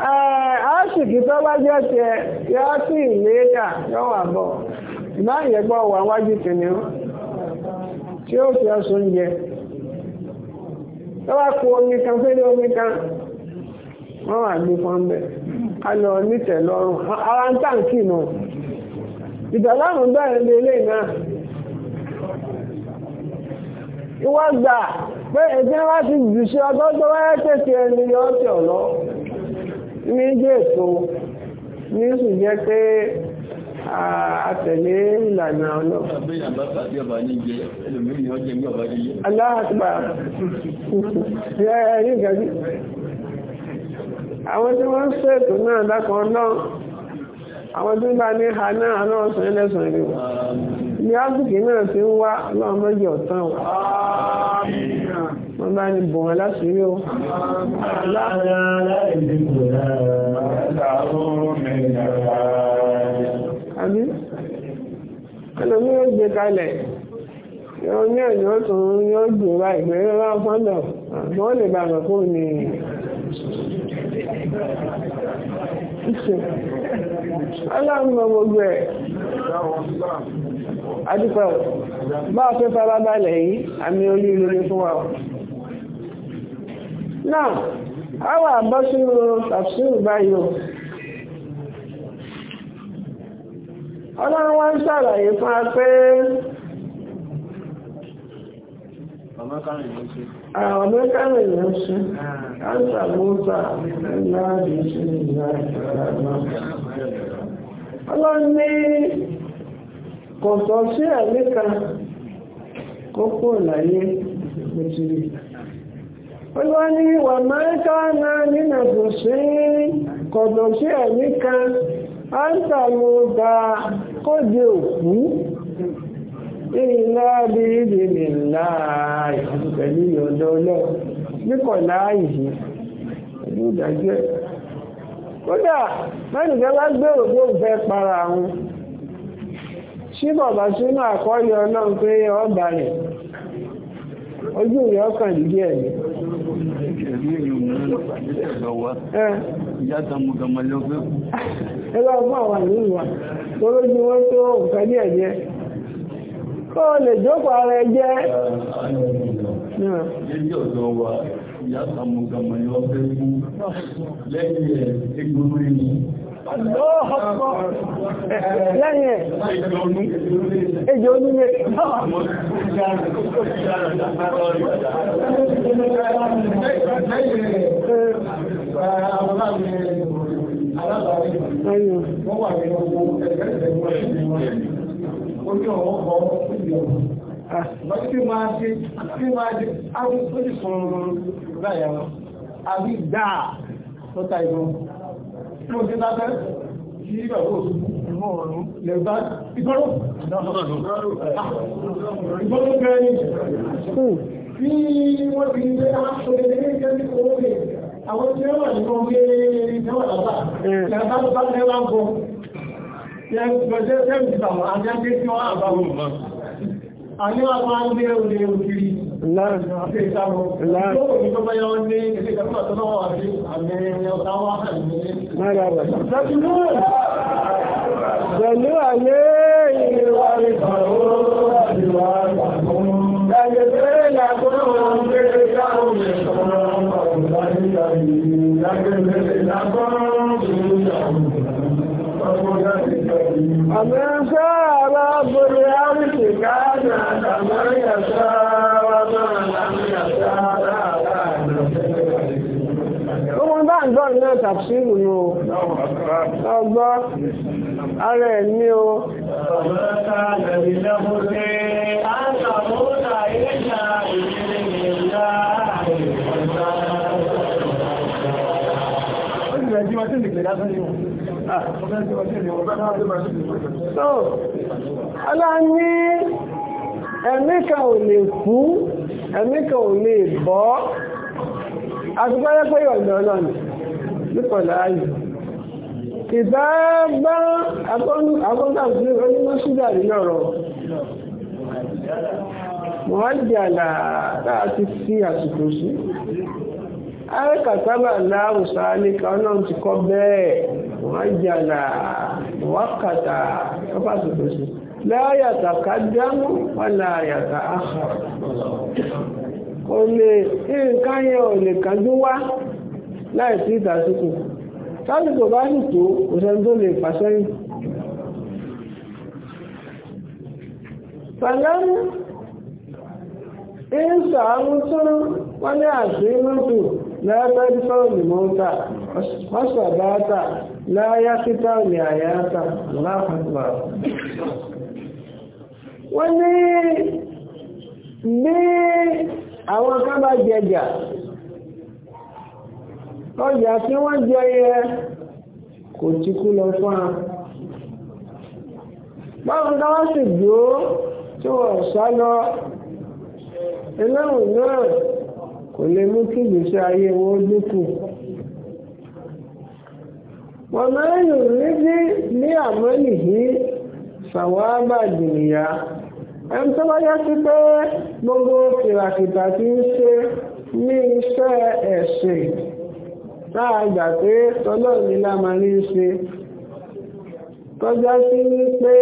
C: Ee, eh, aṣèkì tó bá jẹ́ tiẹ̀ yọ sí ìléka yọ wà bọ̀. Ìmáà yẹn gbọ́ wà wájú tèmi o. Tí ó fi ọsùn omi kan fẹ́lẹ́ omi kan, wọ́n wà gbé fún bẹ́ẹ̀. A lọ nítẹ̀ lọ́rùn. Ara ń tàǹkì nù. Ìdàlámù bẹ́ẹ̀ ni ilé náà. Ìwọ́n gbà pé ẹ̀jẹ̀ wá ti jù méjì èso ní sì jẹ́ pé àtẹ̀lé ìlànà ọlọ́pàá. Àwọn tí wọ́n ṣètò náà dákan náà, àwọn tí bá ní ha náà aláwọ̀sán ẹlẹ́sàn rí wọ́n. Ní áfíkì náà ti ń wá aláwọ̀ méjì ọ̀tán wọ́n wọ́n bá ní bọ̀wọ̀n láti rí o àbí ẹlòmí ó gbé kalẹ̀ yóò ní ẹ̀yìn ó tún yóò gbé wá ìgbé rárá fọ́ndọ̀ wọ́n lè bàbà kó ní ọlọ́mọ gbogbo ẹ̀ adúpẹ́ bá a fẹ́ fara balẹ̀ yìí àmì orí ìlú fún wa na a wà bọ́ sínú tafsir báyìí na ọlọ́run wá ń ṣàlàyé fún wa pé àwọn mẹ́kànlá èèyàn ṣe áńsà mọ́sà láàrin ṣe ìlà ah. ìfàdàmà ọlọ́run ní kò sí ẹ̀mí kan kókó ìlàyé ọjọ́ ní wà máa káàná nínà kò sí kọ̀dọ̀ sí ẹ̀mí kan á ń tàlóga kó di òkú ìlà bí ìdìbì láàáì pẹ̀lú ìyọ̀dọ̀ ọlọ́ níkọ̀ sí sínú ọlọ́run pé rẹ̀ ojú ìyọ́kàn Kọ́ lè jókòó ara ẹjẹ́. Ilé ọ̀dọ́ wa, ìyá àmúgamọ̀ ni wọ́n fẹ́ fún
B: lẹ́yìn ẹ̀ egbòrò ìlú lẹ́yìn
C: èjì onílé Ojú ọ̀wọ́ kọ́ ìjọ. Wọ́n tí máa dé, tí máa dé, a ń pèsè ọ̀rọ̀ láyàwó, àbí dáa
B: tó ta ìrọ̀ tí mo ti ń dábẹ́ sí ìgbàgbọ́ òṣùpù lẹ́gbà ìgbọ́rọ̀ ìgbọ́rọ̀ bẹ́ẹ̀ ni
C: tí wọ́n ti ń gbé aṣọ ẹgbẹ́ ní owó rẹ̀ àwọn tí wọ́n wà ní wọn gbé ìjọba lọ́ba lẹ́gbà lọ́ba lẹ́wà ń bọ̀ yẹn gbọ́dọ̀ Pẹ̀lú ayé ìwà ìfàwó ìwà ìfàwó. Ẹgbẹ̀ tẹ́lẹ̀ ìyàgbọ́n wọn pẹ̀lú ìyàwó ìṣọ́nà ọ̀pọ̀ láyé ìyàwó ìyàgbẹ̀lẹ̀ ìyàgbọ́n pẹ̀lú ìyàwó ọ̀pọ̀ láyé ìyàwó. Àmì náà tàbísírù nù o ọgbọ́ ara ẹ̀ ní o. So, aláàní ẹ̀mí kan ò lè kú, ẹ̀mí kan ò lè bọ́, àti pẹ́lẹ́pẹ́ yọ̀ndọ̀ náà nípọ̀lá ayò ìta bá agbọ́ndàbí onímọ̀ ṣúgà nínú ọ̀rọ̀ mọ̀wádìí àlà táà ti fi àsìkò sí arákàtàbà láàrùsá níka ọlọ́run ti kọ́ bẹ́ẹ̀ mọ̀wádìí àlà mọ̀wákàtà tọ́pá àsìkò sí láyàtà ká dámú wọn láyàtà áhà ó lè nǹkan yẹn ò lè kájú wá láì sí ìdásíkò sásìkò bá sì tó òṣèlú tó lè pàṣẹyìn pẹ̀lẹ́mú ìsà àmútún wọ́n ní àṣírútù lẹ́ẹ̀mẹ́dífà òlùmọ́ta ọ̀ṣọ̀dáta láyásítà òlì àyáta láàpàá wọ́n ní bí àwọn kábàjẹjà ọjà tí wọ́n jẹ ẹyẹ kò ti kú lọ fún wa báwọn dáwọ́ sì dúró tí wọ́n sá lọ eléwọ̀n náà kò lè mú kí ìgbésí ayé wọ́n máa ń yòrò ní àmọ́lì yìí sàwábà dùnìyà ẹni pé gbogbo kìlàkìlà ti ṣe ní iṣẹ́ ẹ̀sìn. táà gbà pé tọ́lọ́ọ̀ni lámà ní ṣe tọ́já sí wípé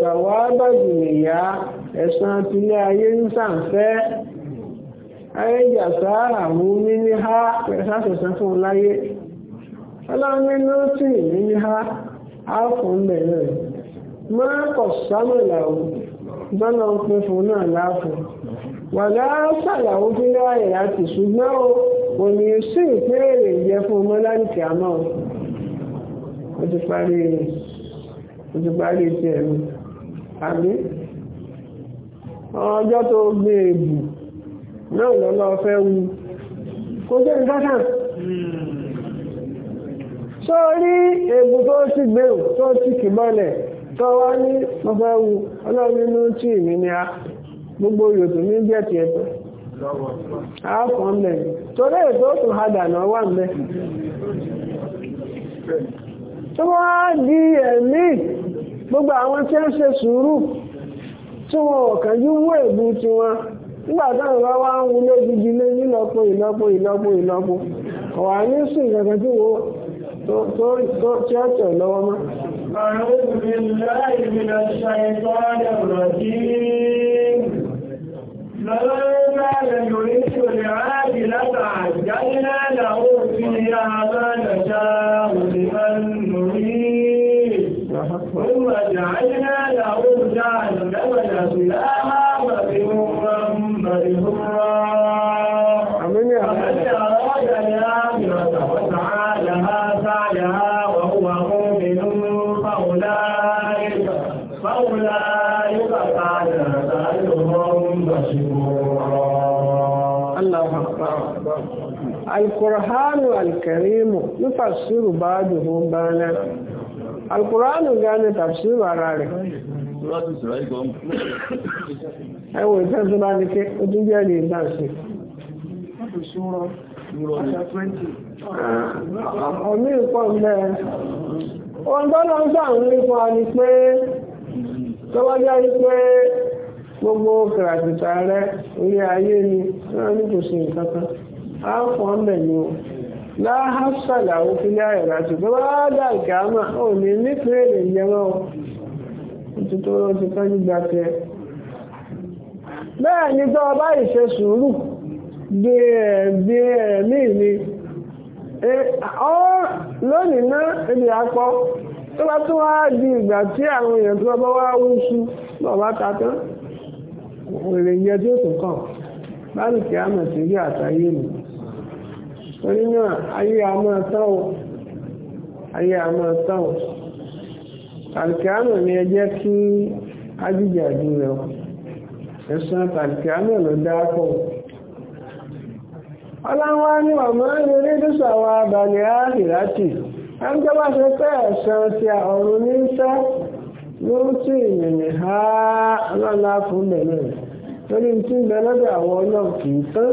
C: tàwa bàjì nìyá ẹ̀sán tilé ayé ń sàǹfẹ́ ayéjà sáà mú níní ha pẹ̀sàtẹ̀sán fún un láyé ọlọ́mínú tì níní ha á fún bẹ̀rẹ̀ má kọ̀ sámọ̀là o gbọ́nà ń fún náà láàfún wàlá sàlàwó fílẹ̀ àyè láti ṣùgbọ́n o. òní sí ìpéèrè jẹ fún ọmọ láǹkì àmọ́ ó ti parí ó ti parí ti ẹ̀mí àbí ọjọ́ tó gbé èbù náà lọ́lọ́ fẹ́ wu kó jẹ́ nǹkan sórí èbù tó ti gbé tó ti kìbọ́lẹ̀ tó wá ní mo fẹ́ wu ọlọ́run inú tì mí ni a gbogbo yòtò ní jẹ́ tiẹ̀ afọ mbe torí èso otu ha dà n'ọwa mbe tí wọ́n di ẹ̀mí gbogbo àwọn tí ń ṣe sùúrù tí wọn ò kánjú wú ègbú wọn nígbà bá wá ń wulé gidi ọ̀wà ní sùn tí tó tí tẹ̀ lọ́wọ́ mọ́. ثم جعلنا له جهنم جلاها alkùránù alkẹrìmù ní fàṣírù bá dùnú bá náà alkùránù gánà tàṣírù ara rẹ̀ ẹwọ̀ ìtẹ́sí bá ní kí ó tún jẹ́ ní ìdáṣẹ́ ọmọ ìpọ̀ mẹ́ ohun tó lọ ń sàn nípa ni pé tó wá jẹ́ ní pé gbogbo kìràtìtà rẹ̀ orí ayé ni wọ́n ní kò sí nǹkan kan àáfọ̀ ń bẹ̀ ni o òfin àyàrá ṣùgbọ́n bá dà gáàmà ò nípìnlẹ̀ èdè òtútù ni tọ́ ọba ìṣe sùúrù bí ẹ̀mí ni ọ lónìí náà ebi àpọ̀ tó bá tún wá di ìgbà tí àwọn èèyàn tó bá wá wúṣu náà bá ta tán òrèyẹ tí ó tún kàn torí náà ayé a máa tán ayé a máa tán o ni ẹ jẹ́ kí ajíjàdú rẹ̀ ẹ̀sùn ló ní ọmọ wa balẹ̀ àríláti ẹgbẹ́ bá ṣe pẹ́ ẹ̀sán ti ọ̀run ní sẹ́ ló ìrìnlẹ̀ ha ọlọ́lá fún bẹ̀rẹ̀ niile, tí ń bẹ lọ́dọ̀ àwọn ọlọ́ọ̀kì tán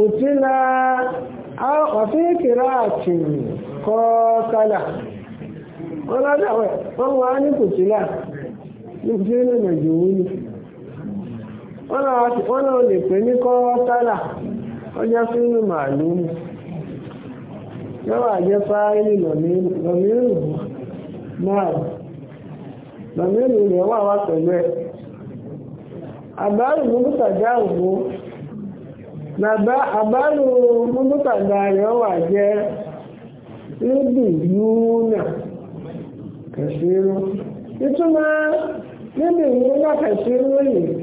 C: kùtìlá ọ̀fíìkìrá àtìrì kọ́ọ̀kálà wọ́n lọ́dàwẹ̀ wọ́n wá ní kùtìlá ní kùtìlá nàìjíríà wọ́n náà lè pè ní kọ́ọ̀kálà ọjọ́ sínú màálùú lọ́wọ́ àjẹ́ fáìlì lọ́mírù náà lọ́mírù rẹ̀ wà wá pẹ̀lú ẹ̀ àbárùn mú tàjá ògbó bàbá àbálò múlùkàgbà rẹ̀ wà jẹ́ níbi yúnà na ìtumọ̀ níbi yúnà kẹsìrú yìí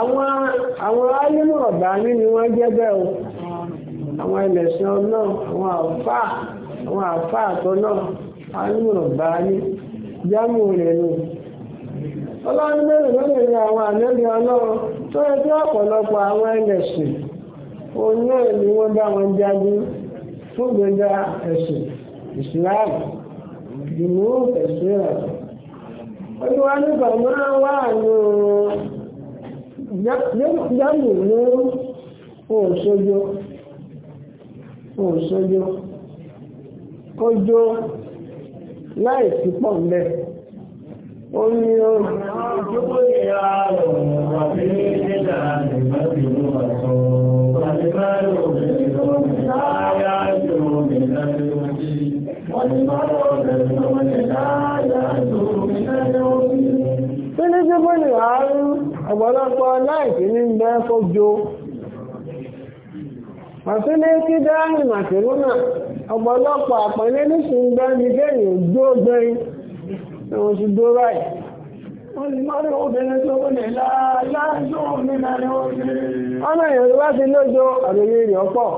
C: àwọn àwọn alímọ̀ ọ̀bá ní ni wọ́n jẹ́ bẹ́ẹ̀ o àwọn ẹlẹ́sìn ọ̀nà àwọn àfáà àwọn àfáà tó náà alímọ̀ ọ̀bá ní tó yẹ kí ọ̀pọ̀lọpọ̀ àwọn ẹlẹ́sìn òun náà ni wọ́n bá wọn jagun fún ẹ̀sìn Islam ìlú ẹ̀sìn rẹ̀. olúwa nígbà máa wà ní ní òṣojo òṣojo láì Ọ̀pọ̀lọpọ̀ láìsí ní bẹ́ fójó. Màtílé kí dáhìn màtìrúnà, ọ̀pọ̀lọpọ̀ àpẹẹlẹ́ ní ṣùgbọ́n ní gẹ́yìn ojú ọgbẹ́rin. tí wọ́n dóra ẹ̀ wọ́n ti máa rí obìnrin tó kó lè láàájọ́ nínú ẹni ọmọ èèyàn bá ti lójó àròyé rẹ̀ ọ̀pọ̀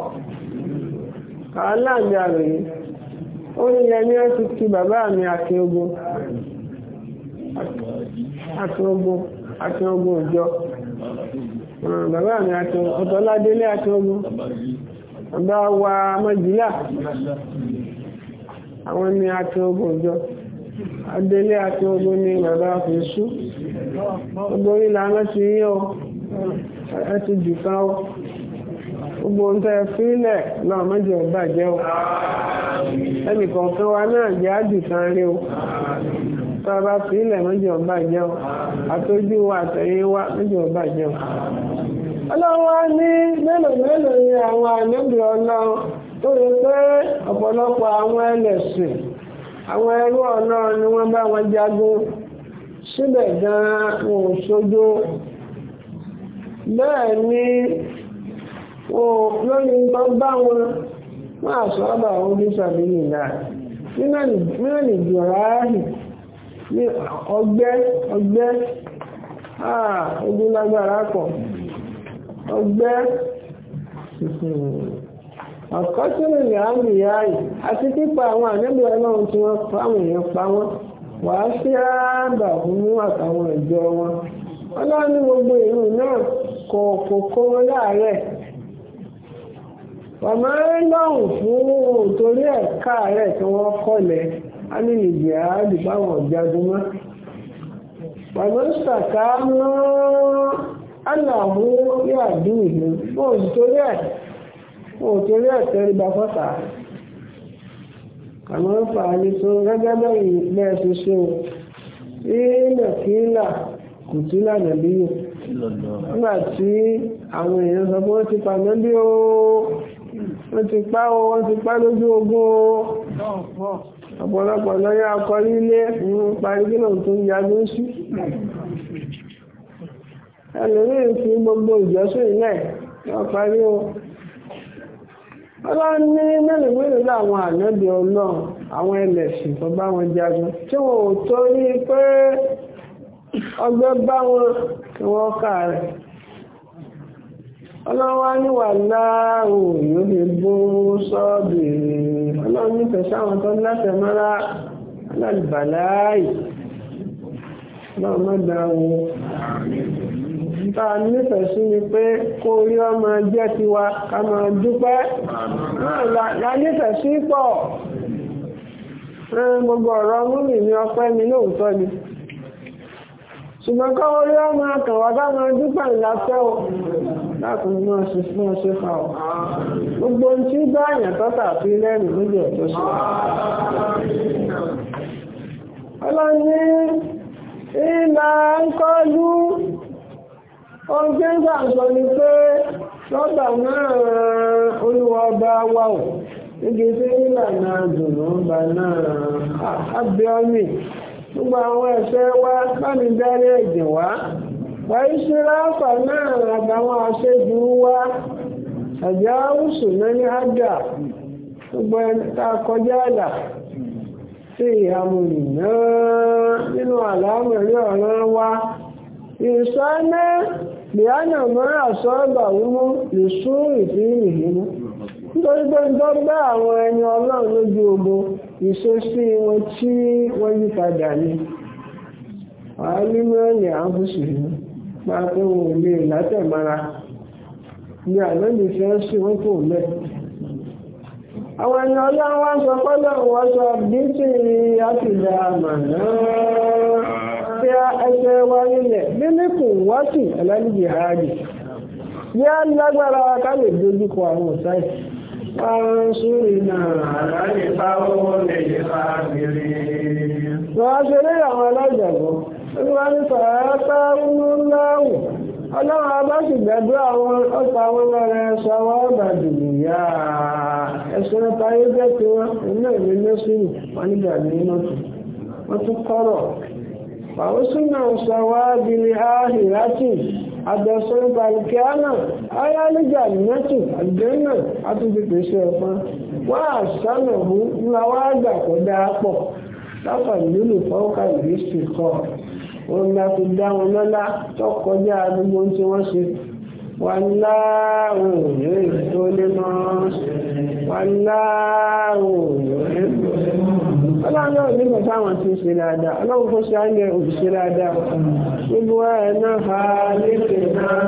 C: aláàmì àròyé ó ní yẹmí ẹ ti ti bàbá mi àti ogun àti òjọ bàbá mi àti ọ̀tọ́ládélé àti ogun wa mọ́jìlá àwọn ni àti òjọ. adélé àti ogun ni bàbá fi sú gbogbo yìí làwọn ti yí ọ ẹ ti jù gbogbo tẹ náà o kan wa náà rí o tá a bá fílẹ̀ o àtọ́jú wa àtẹ̀yìn wa méjì ò o. ọlọ́wọ́ ní mélòó mélòó ni àwọn tó yẹ pé ọ̀pọ̀lọpọ̀ àwọn ẹrú ọ̀nà ni wọ́n bá wọn jagun síbẹ̀ gan-an wọn ò sojú bẹ́ẹ̀ ni lórí tó bá wọn wọn àsọ́ọ́bà wọn bí sàbílì náà nínú ìjọra ààrì ní ọgbẹ́ ọgbẹ́ ojú lágbára pọ̀ ọgbẹ́ hmm. ọ̀kọ́sílẹ̀ ìyáàmì yáàyè àti pípa àwọn ànábì ọlọ́run tí wọ́n fáwọn èèyàn pa wọ́n wàá sí ààbà mú àtàwọn ìjọ wọn ọlọ́run ní gbogbo ìlú náà kò kò kó wọn láàárẹ̀ lọ́hùn fún torí ẹ̀ka rẹ̀ tí wọ́n àádì báwọn mọ́ torí wọn ò torí ẹ̀tẹ́ ìgbà fọ́ta àmọ́ ń fa àlejò gẹ́gẹ́ bẹ́yìn bẹ́ẹ̀ ṣe ṣe o ìnà kíńlà kò tí lànà bíyò nígbà tí àwọn èèyàn sọ pé wọ́n ti pa mẹ́bí o wọ́n ti pa o wọ́n ti pa lójú ogun o ọ̀pọ̀lọpọ̀ lọ́yà ọkọ nílé ń parí kí lóun tó ń yagún sí ẹlòmíín fi gbogbo ìjọsìn náà wọ́n parí o ọlọ́run ní mẹ́rin mẹ́rin láwọn ànábì ọlọ́run àwọn ẹlẹ́sìn tó bá wọn jagun tí wọn ò torí pé ọgbẹ́ bá wọn kí wọ́n kà rẹ̀ ọlọ́wà ní wà láàrù yóò fi bó sọ́ọ̀bì ọlọ́run nífẹ̀ẹ́ sáwọn tó láṣẹ mọ́ra alábàláì náà má dáa wọn tá a nífẹ̀ẹ́ sí ni pé kó rí ọmọ jẹ́ tiwa ká máa dúpẹ́ ah, la nífẹ̀ẹ́ sí pọ̀ eh, gbogbo ọ̀rọ̀ múmi ní ọpẹ́ mi lóòótọ́ ni ṣùgbọ́n kọ́ orí ọmọ àtọ̀wà bá máa dúpẹ́ ìlàfẹ́ o lákùnrin náà ṣe fún ọṣẹ́ fà ọ́ gbogbo ohun tí bá àyàn tọ́ta àti lẹ́rìn lójú ọ̀tọ́ sí ọlọ́ni ìlà ń kọjú ohun tí ń gbàgbọ́ ni pé lọ́gbà náà olúwa ọba wà ó níbi tí nílànà dùnú ọba náà abíọ́mì gbogbo àwọn ẹ̀ṣẹ̀ wa bámi dárí ẹ̀jẹ̀ wá náà àtàwọn wa àwùsùn náà ní gbogbo ẹni tá a kọjá àlà sí ìhàmù nìyẹn nínú wa lèyànà mọ́ra sọ́ọ́bà wíwú lè sún ìfìrí ìhìnú nítorí pé dọ́gbà àwọn ẹni ọlọ́run lójú ogun ìṣesí wọn tí wọ́n yí padà ní àálímọ́ọ̀lì àbúṣì máa pé wọn ò lè látẹ̀mára ni fẹ́ sí wọn kò mẹ́ àwọn ẹni ọlọ́run wá sọ sọ ya ẹsẹ̀ wa nílẹ̀ mímíkù wáṣì ẹlẹ́nìyí hajj yá lágbára ká lè dojúkọ àwọn ọ̀tá ẹ̀. Fáńsúrìnà àlàyé
A: ya lè yẹ bá gbére.
C: Wọ́n ṣe lé àwọn alájàgbọ́. Olúwa ní sàrátà ńláwù. Ọlọ́run abá sì gbàdúrà àwọn ọ̀pá àwọn ọmọọ̀rẹ́ ẹ̀ṣọ́ àwọn ọ̀bàdì nìyá. Ẹ̀sùn ẹ̀ta yóò jẹ́ tiwọn, ìlú ìlú lọ́sùn وحسن ثواب الآخرة àjọsọ́rọ̀ alìkíánà ayálẹ́jà mẹ́tù àjẹ́nà àtúntò ṣe ọ̀fán wọ́n àṣánà mú láwá àgbà kó dáa pọ̀ láfàá nílùú fọ́ọ̀kà ìgbésì kọ́ òun la fi dá wọn lọ́lá tó kọjá gbogbo tí wọ́n والله يحب المحسنين والله يحب ọlọ́run náà nígbà táwọn tí ń ṣe dáadáa ọlọ́run